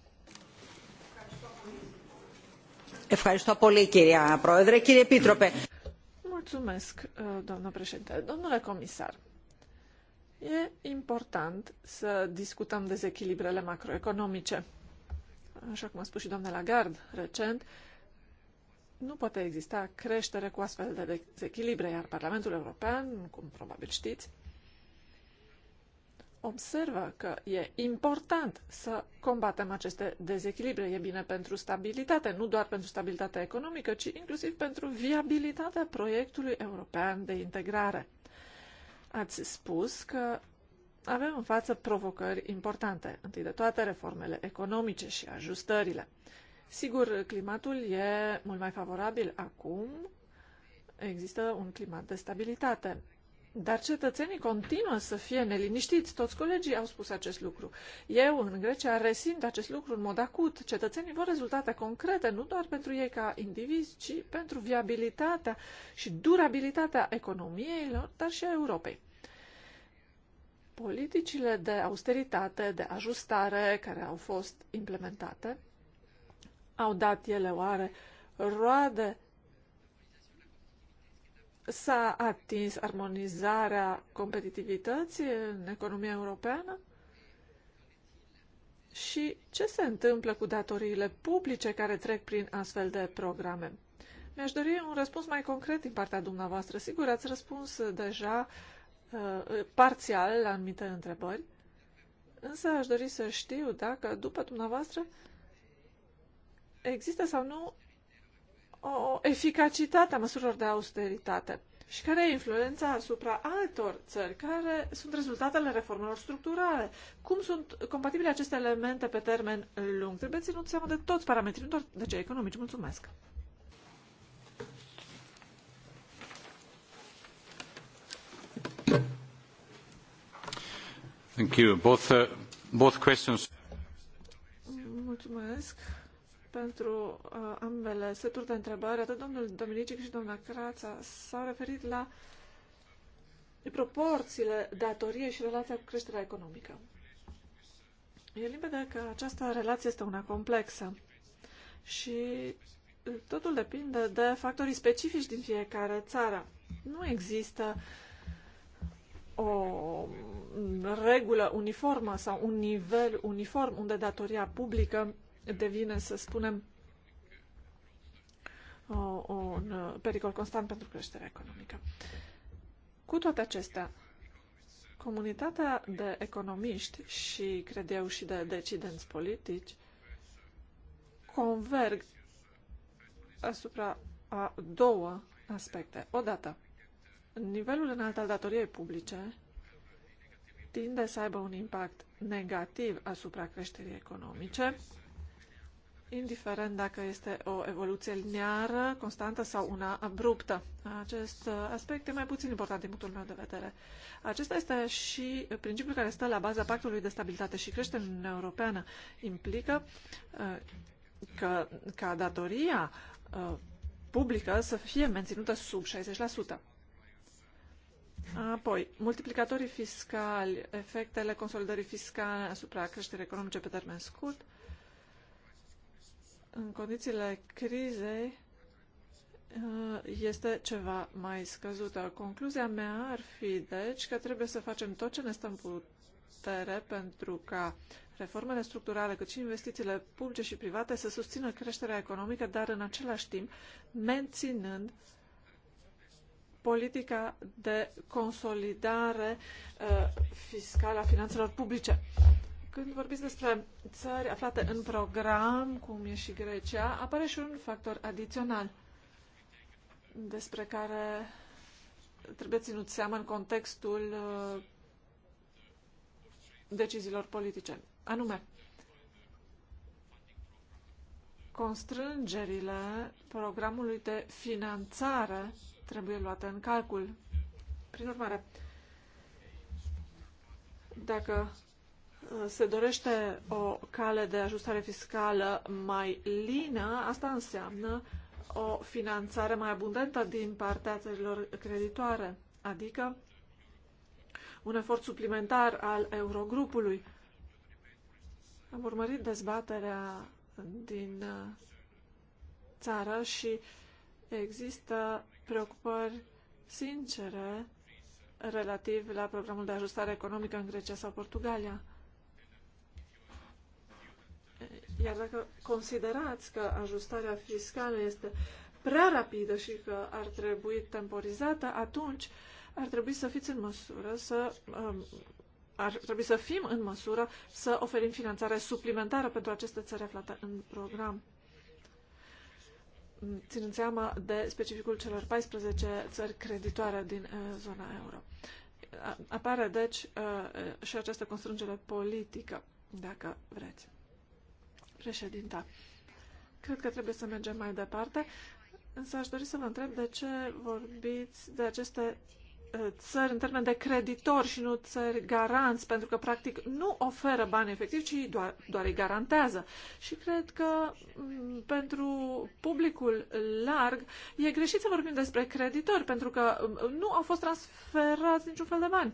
Mulțumesc, uh, doamnă președinte. Domnule comisar, e important să discutăm dezechilibrele macroeconomice. Așa cum a spus și doamna Lagarde recent, nu poate exista creștere cu astfel de dezechilibre, iar Parlamentul European, cum probabil știți, observă că e important să combatem aceste dezechilibre. E bine pentru stabilitate, nu doar pentru stabilitatea economică, ci inclusiv pentru viabilitatea proiectului european de integrare. Ați spus că avem în față provocări importante, întâi de toate reformele economice și ajustările. Sigur, climatul e mult mai favorabil acum, există un climat de stabilitate. Dar cetățenii continuă să fie neliniștiți. Toți colegii au spus acest lucru. Eu, în Grecia, resimt acest lucru în mod acut. Cetățenii vor rezultate concrete, nu doar pentru ei ca indivizi, ci pentru viabilitatea și durabilitatea economiei, dar și a Europei. Politicile de austeritate, de ajustare care au fost implementate, au dat ele oare roade? S-a atins armonizarea competitivității în economia europeană? Și ce se întâmplă cu datoriile publice care trec prin astfel de programe? Mi-aș dori un răspuns mai concret din partea dumneavoastră. Sigur, ați răspuns deja uh, parțial la anumite întrebări, însă aș dori să știu dacă, după dumneavoastră, uh, există sau nu o eficacitate a măsurilor de austeritate și care e influența asupra altor țări, care sunt rezultatele reformelor structurale, cum sunt compatibile aceste elemente pe termen lung. Trebuie ținut seama de toți parametrii, nu doar de cei economici. Mulțumesc! Thank you. Both, uh, both questions. Mulțumesc pentru uh, ambele seturi de întrebări. Atât domnul Dominici și doamna Crața s-au referit la proporțiile datorie și relația cu creșterea economică. E limpede că această relație este una complexă și totul depinde de factorii specifici din fiecare țară. Nu există o regulă uniformă sau un nivel uniform unde datoria publică devine, să spunem, un uh, pericol constant pentru creșterea economică. Cu toate acestea, comunitatea de economiști și, cred eu, și de decidenți politici converg asupra a două aspecte. Odată, nivelul înalt al datoriei publice tinde să aibă un impact negativ asupra creșterii economice indiferent dacă este o evoluție lineară, constantă sau una abruptă. Acest aspect e mai puțin important din punctul meu de vedere. Acesta este și principiul care stă la baza Pactului de Stabilitate și Creștere în Uniunea Europeană. Implică uh, că, ca datoria uh, publică să fie menținută sub 60%. Apoi, multiplicatorii fiscali, efectele consolidării fiscale asupra creșterii economice pe termen scurt, în condițiile crizei uh, este ceva mai scăzută. Concluzia mea ar fi, deci, că trebuie să facem tot ce ne stă în putere pentru ca reformele structurale, cât și investițiile publice și private să susțină creșterea economică, dar în același timp menținând politica de consolidare uh, fiscală a finanțelor publice. Când vorbiți despre țări aflate în program, cum e și Grecia, apare și un factor adițional despre care trebuie ținut seama în contextul uh, deciziilor politice. Anume, constrângerile programului de finanțare trebuie luate în calcul. Prin urmare, dacă se dorește o cale de ajustare fiscală mai lină, asta înseamnă o finanțare mai abundentă din partea țărilor creditoare, adică un efort suplimentar al Eurogrupului. Am urmărit dezbaterea din uh, țară și există preocupări sincere relativ la programul de ajustare economică în Grecia sau Portugalia. Iar dacă considerați că ajustarea fiscală este prea rapidă și că ar trebui temporizată, atunci ar trebui să fiți în măsură să. Um, ar trebui să fim în măsură să oferim finanțare suplimentară pentru aceste țări aflate în program. Ținând seama de specificul celor 14 țări creditoare din uh, zona euro. Apare, deci, uh, uh, și această constrângere politică, dacă vreți. Președinta, cred că trebuie să mergem mai departe, însă aș dori să vă întreb de ce vorbiți de aceste uh, țări în termen de creditori și nu țări garanți, pentru că practic nu oferă bani efectiv, ci doar, doar îi garantează. Și cred că mm, pentru publicul larg e greșit să vorbim despre creditori, pentru că mm, nu au fost transferați niciun fel de bani.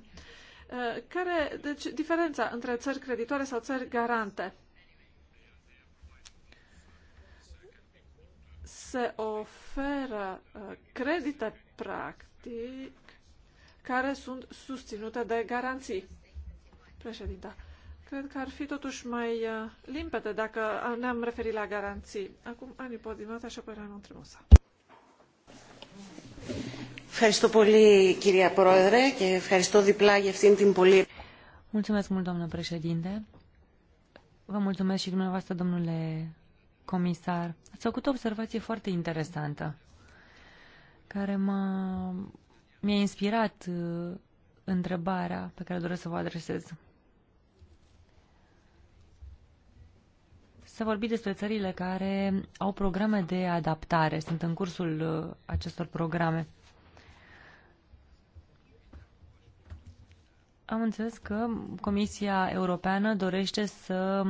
Uh, care, deci, diferența între țări creditoare sau țări garante? se oferă uh, credite practic care sunt susținute de garanții. Președinta, cred că ar fi totuși mai uh, limpede dacă ne-am referit la garanții. Acum, Ani Podimata și apoi Ranu Trimusa. Mulțumesc mult, doamnă președinte. Vă mulțumesc și dumneavoastră, domnule comisar, ați făcut o observație foarte interesantă care m-a, mi-a inspirat uh, întrebarea pe care doresc să vă adresez. Să vorbim despre țările care au programe de adaptare, sunt în cursul uh, acestor programe. Am înțeles că Comisia Europeană dorește să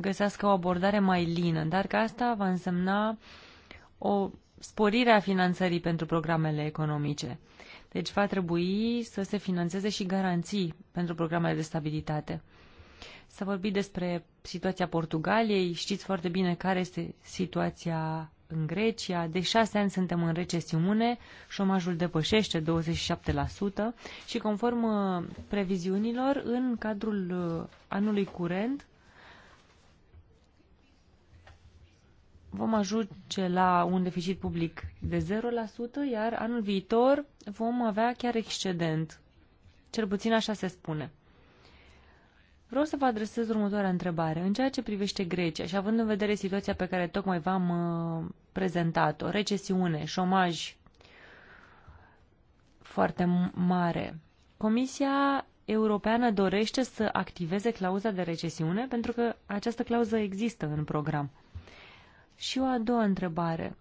găsească o abordare mai lină, dar că asta va însemna o sporire a finanțării pentru programele economice. Deci va trebui să se finanțeze și garanții pentru programele de stabilitate. S-a vorbit despre situația Portugaliei, știți foarte bine care este situația în Grecia. De șase ani suntem în recesiune, șomajul depășește 27% și conform uh, previziunilor, în cadrul uh, anului curent vom ajunge la un deficit public de 0%, iar anul viitor vom avea chiar excedent. Cel puțin așa se spune. Vreau să vă adresez următoarea întrebare. În ceea ce privește Grecia și având în vedere situația pe care tocmai v-am uh, prezentat-o, recesiune, șomaj foarte mare, Comisia Europeană dorește să activeze clauza de recesiune pentru că această clauză există în program. Și o a doua întrebare.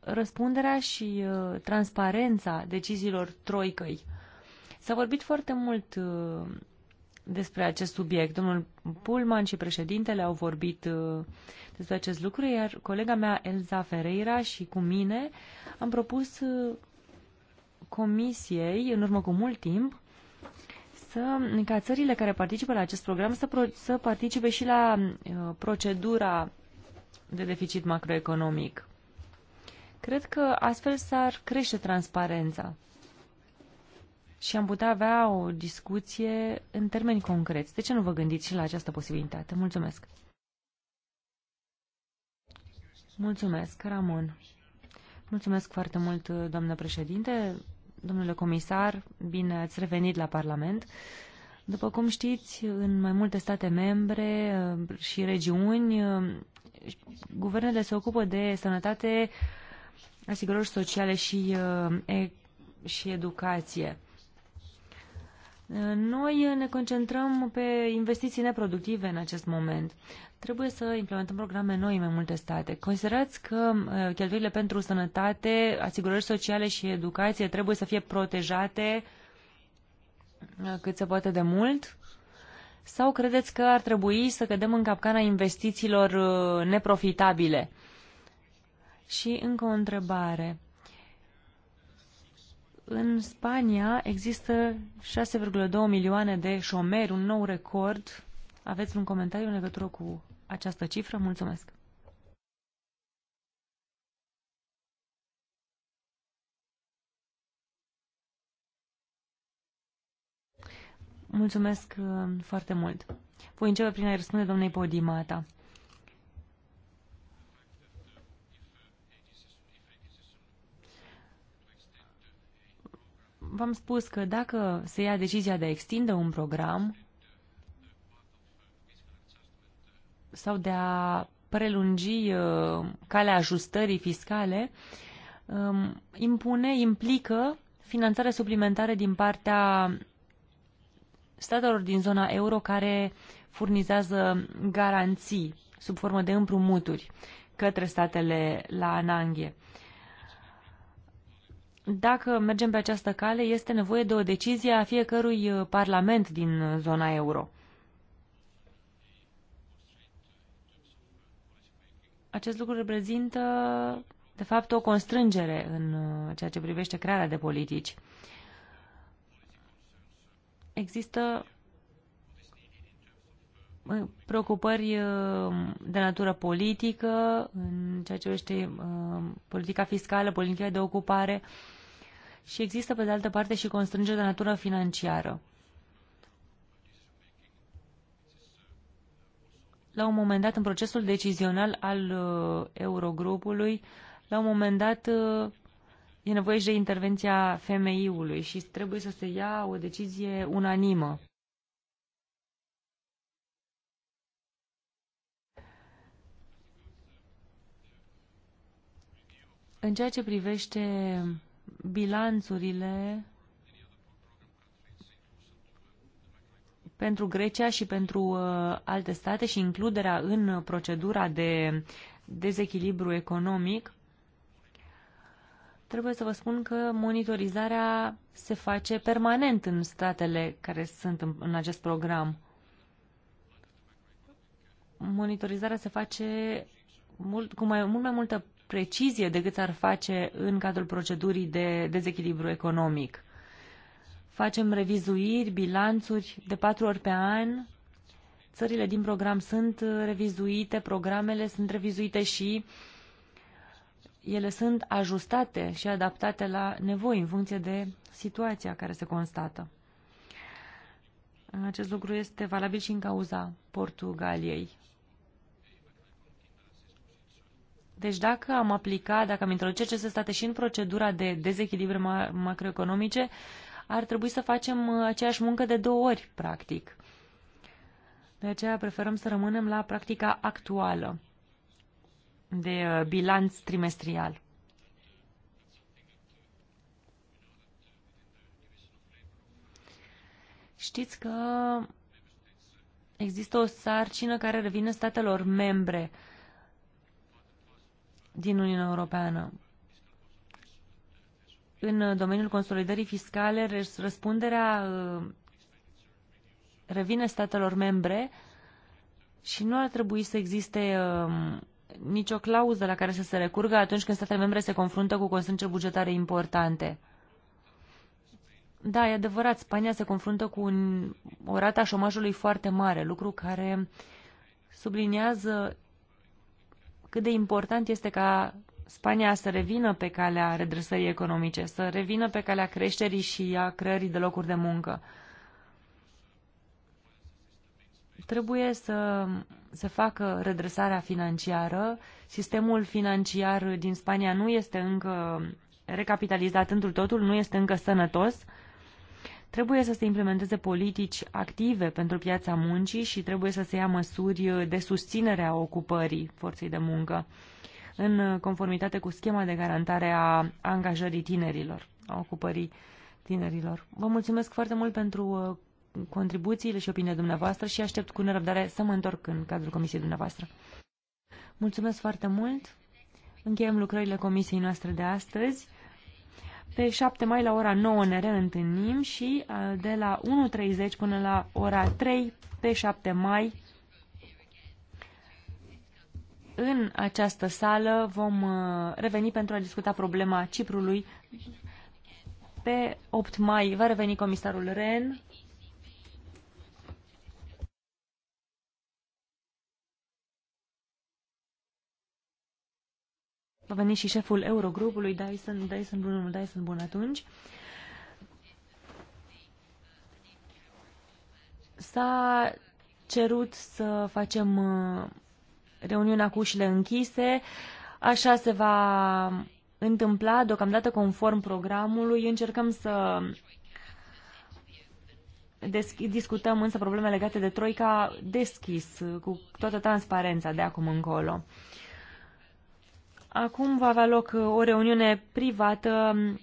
Răspunderea și uh, transparența deciziilor troicăi. S-a vorbit foarte mult uh, despre acest subiect. Domnul Pullman și președintele au vorbit uh, despre acest lucru, iar colega mea Elza Ferreira și cu mine am propus uh, comisiei, în urmă cu mult timp, să, ca țările care participă la acest program să, pro, să participe și la uh, procedura de deficit macroeconomic. Cred că astfel s-ar crește transparența și am putea avea o discuție în termeni concreți. De ce nu vă gândiți și la această posibilitate? Mulțumesc! Mulțumesc, Ramon! Mulțumesc foarte mult, doamnă președinte, domnule comisar, bine ați revenit la Parlament. După cum știți, în mai multe state membre uh, și regiuni uh, guvernele se ocupă de sănătate, asigurări sociale și, uh, e, și educație. Noi ne concentrăm pe investiții neproductive în acest moment. Trebuie să implementăm programe noi în mai multe state. Considerați că uh, cheltuielile pentru sănătate, asigurări sociale și educație trebuie să fie protejate uh, cât se poate de mult? Sau credeți că ar trebui să cădem în capcana investițiilor uh, neprofitabile? Și încă o întrebare. În Spania există 6,2 milioane de șomeri, un nou record. Aveți un comentariu în legătură cu această cifră? Mulțumesc! Mulțumesc uh, foarte mult. Voi începe prin a-i răspunde domnei Podimata. V-am spus că dacă se ia decizia de a extinde un program sau de a prelungi uh, calea ajustării fiscale, um, impune, implică finanțare suplimentară din partea statelor din zona euro care furnizează garanții sub formă de împrumuturi către statele la ananghe. Dacă mergem pe această cale, este nevoie de o decizie a fiecărui parlament din zona euro. Acest lucru reprezintă, de fapt, o constrângere în ceea ce privește crearea de politici. Uh, există preocupări uh, de natură politică, în ceea ce este uh, politica fiscală, politica de ocupare și există, pe de altă parte, și constrângeri de natură financiară. La un moment dat, în procesul decizional al uh, Eurogrupului, la un moment dat e nevoie și de intervenția femeiului și trebuie să se ia o decizie unanimă. În ceea ce privește bilanțurile pentru Grecia și pentru uh, alte state și includerea în procedura de dezechilibru economic, trebuie să vă spun că monitorizarea se face permanent în statele care sunt în, în acest program. Monitorizarea se face mult, cu mai, mult mai multă precizie decât ar face în cadrul procedurii de dezechilibru economic. Facem revizuiri, bilanțuri de patru ori pe an. Țările din program sunt revizuite, programele sunt revizuite și uh, ele sunt ajustate și adaptate la nevoi în funcție de situația care se constată. Acest lucru este valabil și în cauza Portugaliei. Deci dacă am aplicat, dacă am introduce aceste state și în procedura de dezechilibre macroeconomice, ar trebui să facem uh, aceeași muncă de două ori, practic. De aceea preferăm să rămânem la practica actuală de uh, bilanț trimestrial. Știți că există o sarcină care revine statelor membre din Uniunea Europeană. În uh, domeniul consolidării fiscale, răspunderea uh, revine statelor membre și nu ar trebui să existe um, nicio clauză la care să se recurgă atunci când statele membre se confruntă cu constrângeri bugetare importante. Da, e adevărat, Spania se confruntă cu un, o rată a șomajului foarte mare, lucru care subliniază cât de important este ca Spania să revină pe calea redresării economice, să revină pe calea creșterii și a creării de locuri de muncă. Trebuie să se facă redresarea financiară. Sistemul financiar din Spania nu este încă recapitalizat într totul, nu este încă sănătos. Trebuie să se implementeze politici active pentru piața muncii și trebuie să se ia măsuri de susținere a ocupării forței de muncă în conformitate cu schema de garantare a angajării tinerilor, a ocupării tinerilor. Vă mulțumesc foarte mult pentru uh, contribuțiile și opiniile dumneavoastră și aștept cu nerăbdare să mă întorc în cadrul comisiei dumneavoastră. Mulțumesc foarte mult! Încheiem lucrările comisiei noastre de astăzi. Pe 7 mai la ora 9 ne reîntâlnim și de la 1.30 până la ora 3 pe 7 mai în această sală vom reveni pentru a discuta problema Ciprului. Pe 8 mai va reveni comisarul Ren va veni și șeful Eurogrupului, Dyson, Dyson Brunul, Dyson Bun atunci. S-a cerut să facem uh, reuniunea cu ușile închise. Așa se va întâmpla, deocamdată conform programului. Încercăm să discutăm însă probleme legate de Troica deschis, cu toată transparența de acum încolo. Acum va avea loc uh, o reuniune privată um,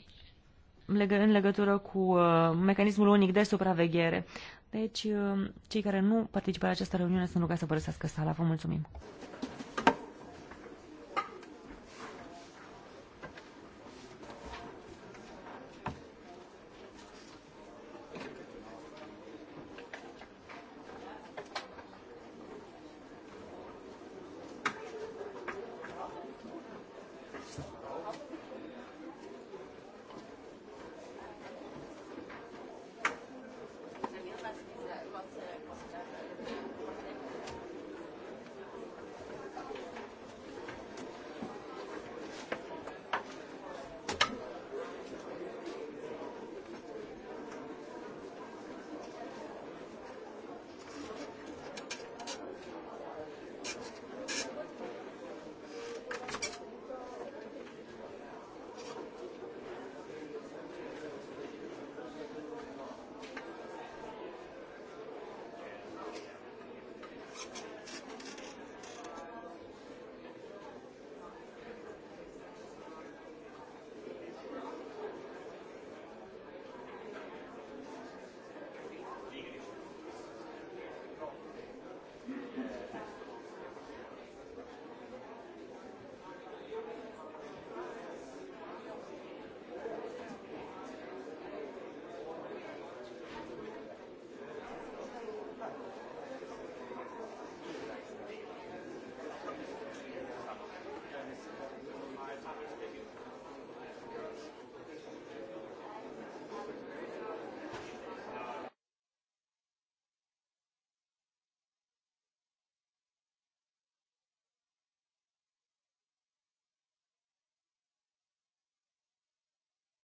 în legătură cu uh, mecanismul unic de supraveghere. Deci, uh, cei care nu participă la această reuniune sunt rugați să părăsească sala. Vă mulțumim!